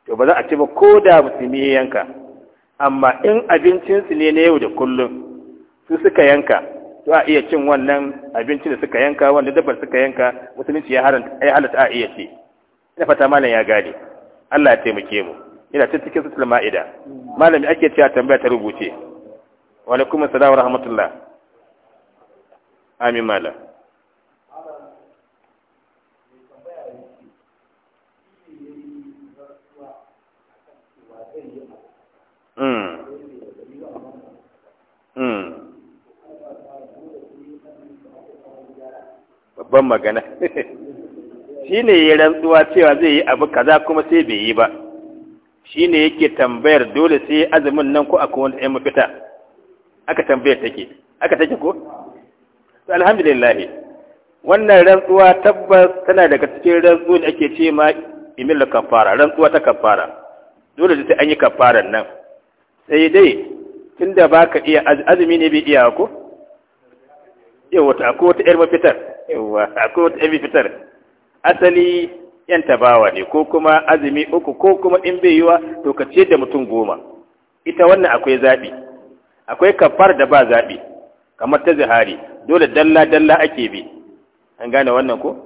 to ba za a ce ba ko da musulmi ya yanka amma in abincin ne na yau da kullum su suka yanka to a iya cin wannan abincin da suka yanka wanda dabbar suka yanka musulunci ya ya halatta a iya ce ina fata malam ya gane Allah ya taimake mu ina ta cikin sutul ma'ida malami ake cewa tambaya ta rubuce wa alaikum assalam wa rahmatullah amin malam Mm. Mm. Babban magana. Shi ne ya rantsuwa cewa zai yi abu kaza kuma sai bai yi ba. Shi ne yake tambayar dole sai azumin nan ko aka wanda ya mafita aka tambayar take aka take ko to alhamdulillah wannan rantsuwa tabbas tana daga cikin rantsuwa da ake ce ma imil kafara rantsuwa ta kafara dole sai an yi kafaran nan sai dai tun da ba ka iya azumi ne bai iya ko yawa ta ko ta yar mafitar yawa ko ta yar mafitar asali yan tabawa ne ko kuma azumi uku ko kuma in bai yiwa to ka ce da mutum goma ita wannan akwai zaɓi akwai kafar da ba zaɓi kamar ta zihari dole dalla dalla ake bi an gane wannan ko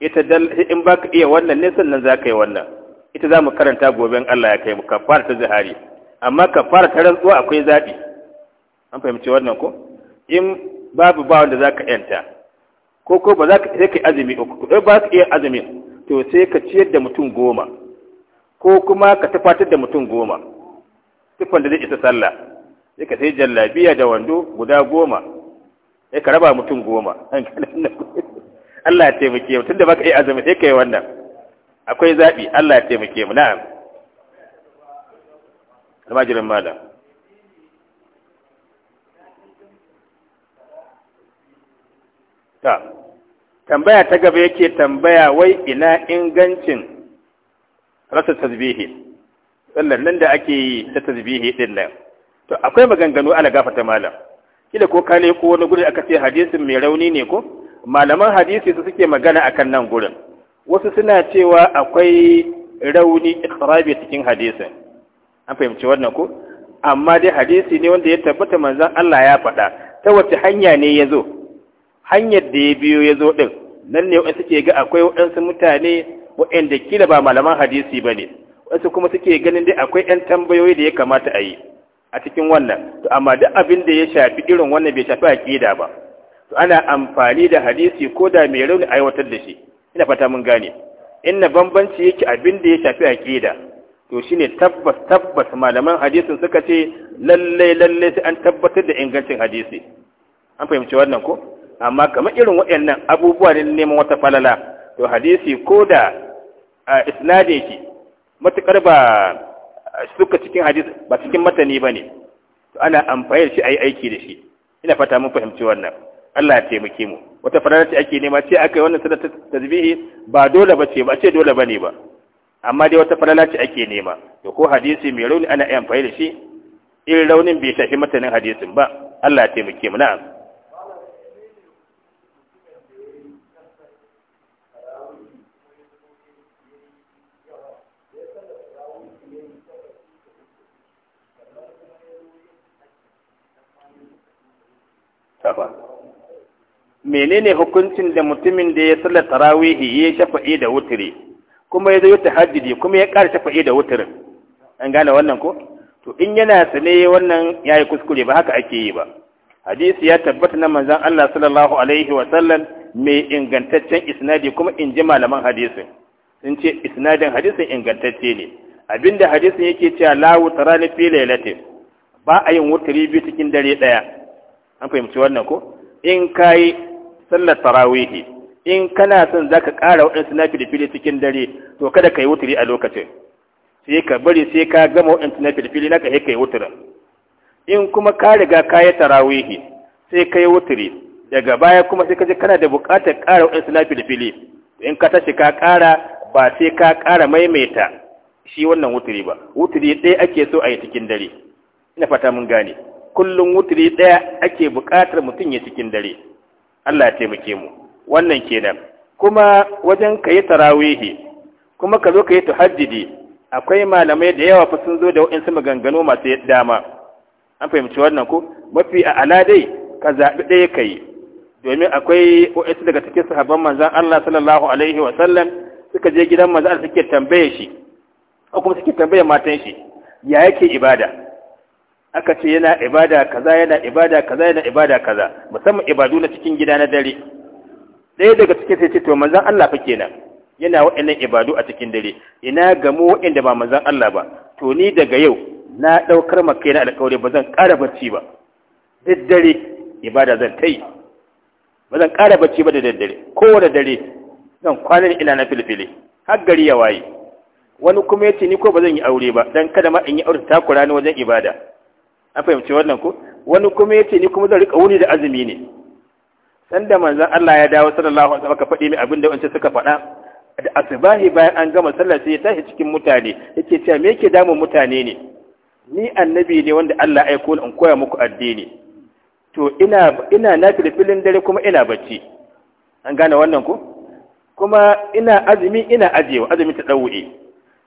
ita in ba ka iya wannan ne sannan za ka yi wannan ita za mu karanta goben Allah ya kai mu kafar ta zihari amma kafar ta rantsuwa akwai zaɓi an fahimci wannan ko in babu ba wanda za ka yanta ko ko ba za ka iya azumi uku ba ka iya azumi to sai ka ciyar da mutum goma ko kuma ka tafatar da mutum goma tufan da zai isa sallah sai ka sai jallabiya da wando guda goma sai ka raba mutum goma Allah ya taimake mu tunda baka yi azumi sai kai wannan akwai zabi Allah ya taimake mu na'am almajirin mala ta tambaya ta gaba yake tambaya wai ina ingancin rasa tasbihi sallar nan da ake yi ta tasbihi din nan to akwai maganganu ala gafata malam kila ko kale ko wani guri aka ce hadisin mai rauni ne ko malaman hadisi su suke magana akan nan gurin wasu suna cewa akwai rauni ikhrabi cikin hadisin an fahimci wannan ko amma dai hadisi ne wanda ya tabbata manzon Allah ya faɗa ta wace hanya ne ya zo hanyar da ya biyo ya zo ɗin nan ne waɗansu ke ga akwai waɗansu mutane waɗanda kila ba malaman hadisi ba ne waɗansu kuma suke ganin dai akwai 'yan tambayoyi da ya kamata a yi a cikin wannan to amma duk abin da ya shafi irin wannan bai shafi aƙida ba to ana amfani da hadisi ko da mai rauni aiwatar da shi ina fata mun gane inna bambanci yake abin da ya shafi aƙida to shine tabbas tabbas malaman hadisin suka ce lallai lallai sai an tabbatar da ingancin hadisi an fahimci wannan ko amma kamar irin waɗannan abubuwa ne neman wata falala to hadisi ko da isnadin shi matuƙar ba suka cikin hadisi ba cikin matani ba ne to ana amfani da shi a yi aiki da shi ina fata mun fahimci wannan Allah ya taimake mu wata falala ce ake nema ce aka yi wannan sadar tasbihi ba dole ba ce ba ce dole ba ne ba amma dai wata falala ce ake nema to ko hadisi mai rauni ana amfani da shi irin raunin bai shafi matanin hadisin ba Allah ya taimake mu na'am safa menene hukuncin da mutumin da ya salla tarawihi ya shafa'i da wutiri kuma ya zo ta kuma ya ƙara shafa'i da wutirin an gane wannan ko to in yana sane wannan ya kuskure ba haka ake yi ba hadisi ya tabbata na manzan Allah sallallahu alaihi wa sallam mai ingantaccen isnadi kuma in ji malaman hadisin sun ce isnadin hadisin ingantacce ne abinda hadisin yake cewa lawu tarani fi lailatin ba a yin wutari biyu cikin dare daya an fahimci wannan ko in kayi sallar tarawihi in kana son zaka ƙara waɗansu na fili-fili cikin dare to kada ka yi wuturi a lokacin sai ka bari sai ka gama waɗansu na filifili na ka yi ka yi wuturin in kuma ka riga ka yi tarawihi sai ka yi wuturi daga baya kuma sai ka ji kana da buƙatar ƙara waɗansu na fili-fili in ka tashi ka ƙara ba sai ka ƙara maimaita shi wannan wuturi ba wuturi ɗaya ake so a yi cikin dare ina fata mun gane kullum wuturi ɗaya ake buƙatar mutum ya cikin dare Allah ya taimake mu wannan kenan kuma wajen ka yi tarawihi kuma ka zo ka yi tahajjudi akwai malamai da yawa fa sun zo da wa'insu maganganu masu dama an fahimci wannan ko mafi a ala ka zaɓi ɗaya ka yi domin akwai wa'insu daga cikin sahabban manzan Allah sallallahu alaihi wa suka je gidan manzan Allah suke tambaye shi kuma suke tambaye matan shi ya yake ibada aka ce yana ibada kaza yana ibada kaza yana ibada kaza musamman ibadu na cikin gida na dare ɗaya daga cikin sai ce to manzon Allah fa kenan yana wa'annan ibadu a cikin dare ina ga mu wa'anda ba manzon Allah ba to ni daga yau na ɗaukar ma na alƙawari ba zan ƙara barci ba duk dare ibada zan ta yi ba zan ƙara barci ba da daddare kowane dare zan kwana ina na filfile har gari ya waye wani kuma ya ce ni ko ba zan yi aure ba dan kada ma in yi aure ta kura ni wajen ibada an fahimci wannan ko wani kuma yace ni kuma zan rika wuni da azumi ne sanda manzon Allah ya dawo sallallahu alaihi wasallam ka faɗi mai abin da wancan suka faɗa da asbahi bayan an gama sallah sai ya tashi cikin mutane yake cewa me yake damun mutane ne ni annabi ne wanda Allah ya aiko in koya muku addini to ina ina nafi filin dare kuma ina bacci an gane wannan ko kuma ina azumi ina ajewa azumi ta ɗau'i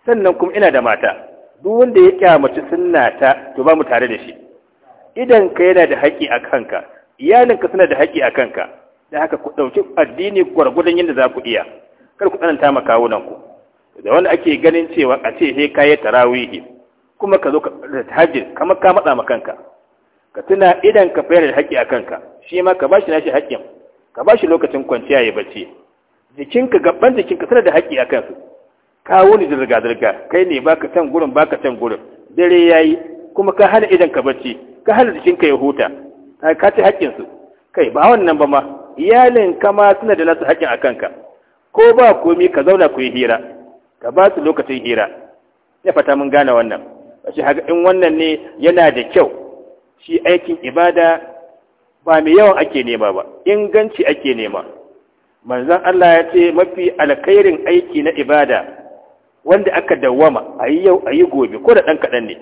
sannan kuma ina da mata duk wanda ya kyamaci sunna ta to ba mu tare da shi idan ka yana da haƙƙi a kanka iyalinka suna da haƙƙi a kanka da haka ku ɗauki addini gwargwadon yadda za ku iya kar ku tsananta ma kawunan ku da wanda ake ganin cewa a ce sai yi tarawihi kuma ka zo ka hajji kamar ka matsa ma kanka ka tuna idan ka fayar da haƙƙi a kanka shi ma ka bashi nashi haƙƙin ka bashi lokacin kwanciya ya bacci jikinka gaban jikinka suna da haƙƙi a kansu kawo da zirga-zirga kai ne baka can gurin baka can gurin dare yayi kuma ka hana idan ka bacci ka hana ka ya huta ka ci haƙƙinsu kai ba wannan ba ma iyalin ma suna da nasu haƙƙin a kanka ko ba komi ka zauna ku yi hira ka ba su lokacin hira ya fata mun gane wannan shi haka in wannan ne yana da kyau shi aikin ibada ba mai yawan ake nema ba inganci ake nema manzon Allah ya ce mafi alkhairin aiki na ibada wanda aka dawwama a yi yau a yi gobe ko da ɗan kaɗan ne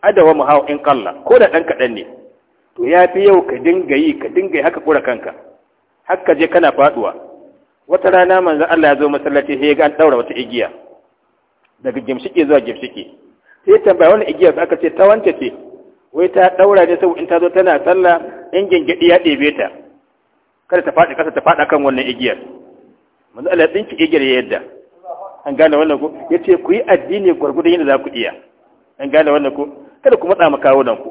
a dawwama hau in kalla ko da ɗan kaɗan ne to ya fi yau ka dinga yi ka dinga yi haka kura kanka haka je kana faɗuwa wata rana manzo Allah ya zo masallaci sai ya ga an ɗaura wata igiya daga gimshike zuwa gimshike sai tambaya wani igiya su aka ce ta wance ce wai ta ɗaura ne saboda in ta zo tana sallah in gingidi ya ɗebe ta kada ta faɗi kasa ta faɗa kan wannan igiyar manzo Allah ya dinki igiyar ya yadda an gane wannan ko ya ce ku yi addini gwargwadon yadda za ku iya an gane wannan ko kada ku matsa makawunan ku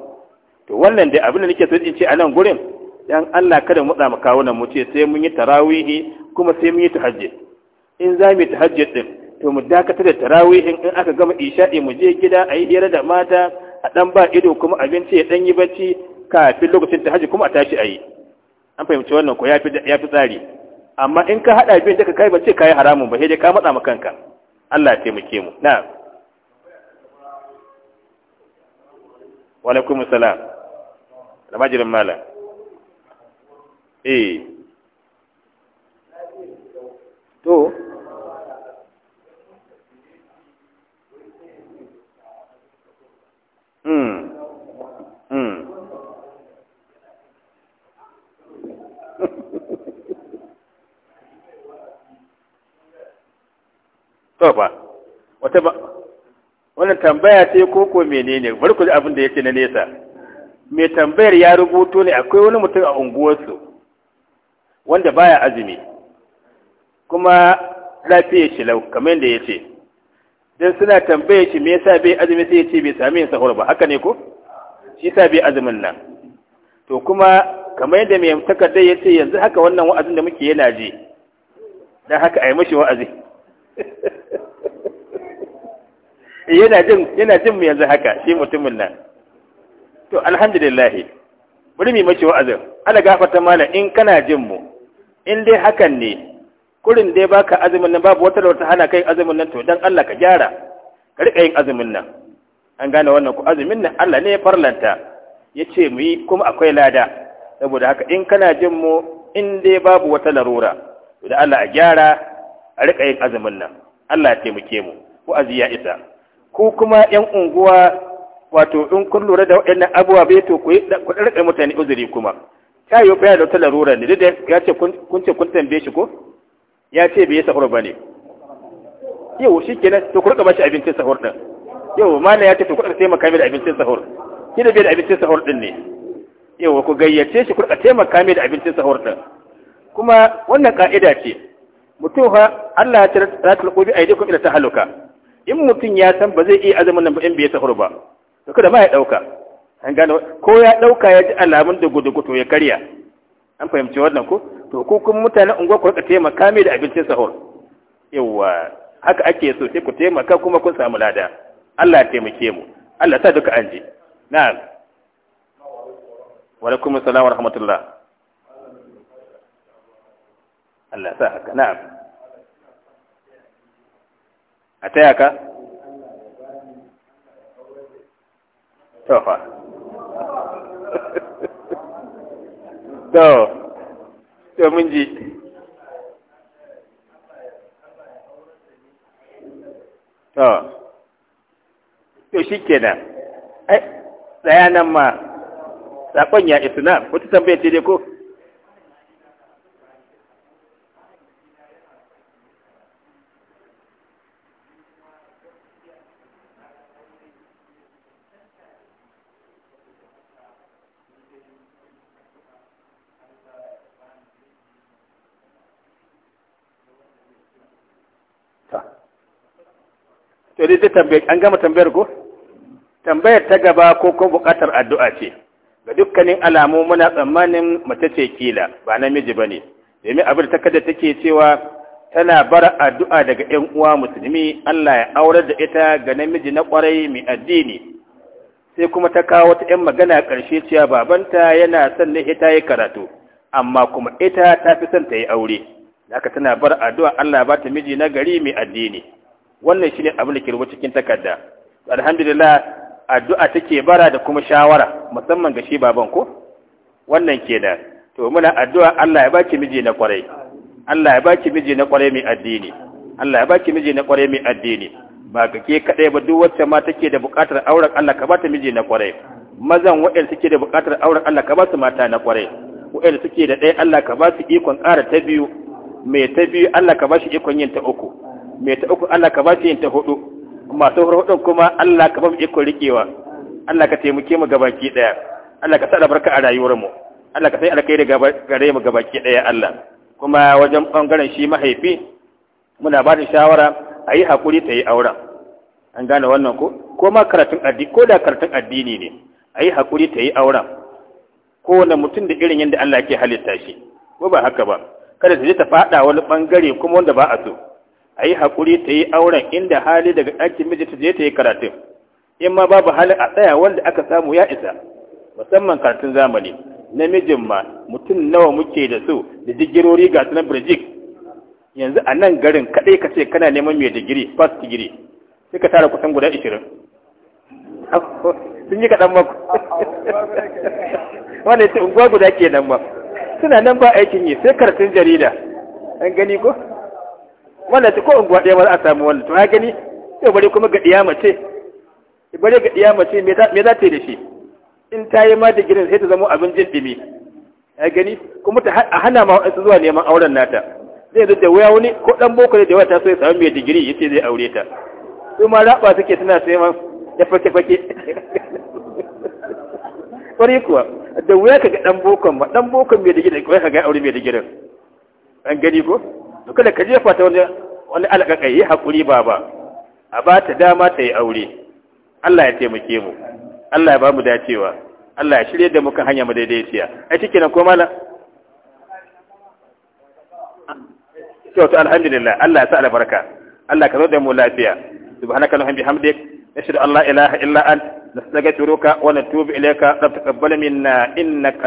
to wannan dai abin da nake so in ce a nan gurin dan Allah kada mu matsa makawunan mu ce sai mun yi tarawihi kuma sai mun yi tahajjud in za mu yi tahajjud din to mu dakatar da tarawihin in aka gama isha'i mu je gida a yi hira da mata a dan ba ido kuma abinci ya dan yi bacci kafin lokacin tahajjud kuma a tashi a yi an fahimci wannan ko ya fi tsari amma in ka haɗa biyun da ka kai ba ce ka yi haramun ba sai ka matsa ma kanka Allah ya taimake mu na wa alaikum salam almajirin malam eh tambaya ce ko ko menene barku abin da yake na nesa mai tambayar ya rubuto ne akwai wani mutum a unguwarsu wanda baya azumi kuma lafiya shi lau kamar yadda ya ce don suna tambaya shi me yasa bai azumi sai ya ce bai sami yin sahur ba haka ne ko shi sa bai azumin nan to kuma kamar yadda mai takardar ya ce yanzu haka wannan wa'azin da muke yana ji don haka a yi mashi wa'azi Eh, yana jin yana jin mu yanzu haka shi mutumin nan to alhamdulillah bari mu mace wa'azin ala gafarta mana in kana jin mu in dai hakan ne kurin dai baka azumin nan babu wata wata hana kai azumin nan to dan Allah ka gyara ka rika yin azumin nan an gane wannan ku azumin nan Allah ne ya farlanta ya ce mu yi kuma akwai lada saboda haka in kana jin mu in dai babu wata larura to da Allah a gyara a rika yin azumin nan Allah ya taimake mu wa'azi ya isa ku kuma yan unguwa wato in kun lura da waɗannan abubuwa bai to ku ɗarɗa mutane uzuri kuma ta yi bayar da wata larura ne da ya ce kun ce kun tambaye shi ko ya ce bai yi sahur ba ne yau shi kenan to ku rika bashi abincin sahur ɗin. yau mana ya ce to ku rika taimaka mai da abincin sahur da bai da abincin sahur ɗin ne yau ku gayyace shi ku rika taimaka mai da abincin sahur ɗin. kuma wannan ka'ida ce mutum ha, Allah ya ta tsara tsara kulbi aidikum ila haluka. in mutum ya san ba zai iya azumin nan ba in bai sahur ba to kada ma ya dauka an gane ko ya dauka ya ji alamun da gudu to ya karya an fahimci wannan ko to ku kun mutanen unguwa ku rika taimaka mai da abincin sahur yawa haka ake so sai ku taimaka kuma kun samu lada Allah ya taimake mu Allah sa duka an ji na'am wa alaikum assalam wa rahmatullah Allah sa haka na'am a taya ka? tofa to to mun ji to to shi kenan ai tsaya nan ma saƙon ya isna wata tambaya ce dai ko yanzu zai tambaye an gama tambayar ko tambayar ta gaba ko kuma buƙatar addu'a ce ga dukkanin alamu muna tsammanin mace ce kila ba namiji ne domin abin ta kada take cewa tana bara addu'a daga ƴan uwa musulmi Allah ya aurar da ita ga namiji na ƙwarai mai addini sai kuma ta kawo wata ƴan magana ƙarshe cewa babanta yana son ne ita yi karatu amma kuma ita ta fi son ta yi aure haka tana bar addu'a Allah ba ta miji na gari mai addini wannan shine abin da ke rubuta cikin takarda alhamdulillah addu'a take bara da kuma shawara musamman ga shi baban ko wannan ke da to muna addu'a Allah ya baki miji na kwarai Allah ya baki miji na kwarai mai addini Allah ya baki miji na kwarai mai addini ba ga ke kadai ba duk wacce ma take da buƙatar auren Allah ka bata miji na kwarai mazan waɗanda suke da buƙatar auren Allah ka ba su mata na kwarai waɗanda suke da ɗaya Allah ka ba su ikon ƙara ta biyu mai ta biyu Allah ka ba ikon yin ta uku mai ta uku Allah ka ba shi ta hudu masu hudu kuma Allah ka ba mu iko rikewa Allah ka taimake mu gabaki daya Allah ka sa albarka a rayuwar mu Allah ka sai da gare mu gabaki daya Allah kuma wajen bangaren shi mahaifi muna ba da shawara a yi hakuri ta yi aure an gane wannan ko ko ma karatun addini ko da karatun addini ne a yi hakuri ta yi ko kowane mutum da irin yadda Allah ke halitta shi ko ba haka ba kada su je ta faɗa wani bangare kuma wanda ba a so a yi haƙuri ta yi auren inda hali daga ɗakin miji ta je ta yi karatun in ma babu hali a tsaya wanda aka samu ya isa musamman karatun zamani namijin ma mutum nawa muke da su da digirori ga su na birjik yanzu a nan garin kaɗai ka ce kana neman mai digiri first digiri sai ka tara kusan guda ishirin sun yi kaɗan maku wanda ya ce unguwa guda ke nan ba suna nan ba aikin yi sai karatun jarida an gani ko wannan ta ko unguwa ɗaya ba za a samu wannan to ya gani sai bare kuma ga ɗiya mace bare ga ɗiya mace me za ta yi da shi in ta yi ma digirin sai ta zama abin jin ɗimi ya gani kuma ta hana ma wasu zuwa neman auren nata zai da wuya wani ko ɗan boko ne da wata so ya samu mai digiri ya ce zai aure ta su ma raɓa suke suna ma ya fake-fake kwarai kuwa da wuya ka ga ɗan bokon ma ɗan bokon mai digiri kawai ka ga aure mai digirin an gani ko to kada ka jefa ta wani wani alƙaƙai yi haƙuri ba ba a ba ta dama ta yi aure Allah ya taimake mu Allah ya ba mu dacewa Allah ya shirye da mu daidai hanya madaidaiciya ai shikenan ko mala kyau to alhamdulillah Allah ya sa albarka Allah ka zo da mu lafiya subhanaka wa bihamdik nashhadu an la ilaha illa anta nastaghfiruka wa natubu ilayka taqabbal minna innaka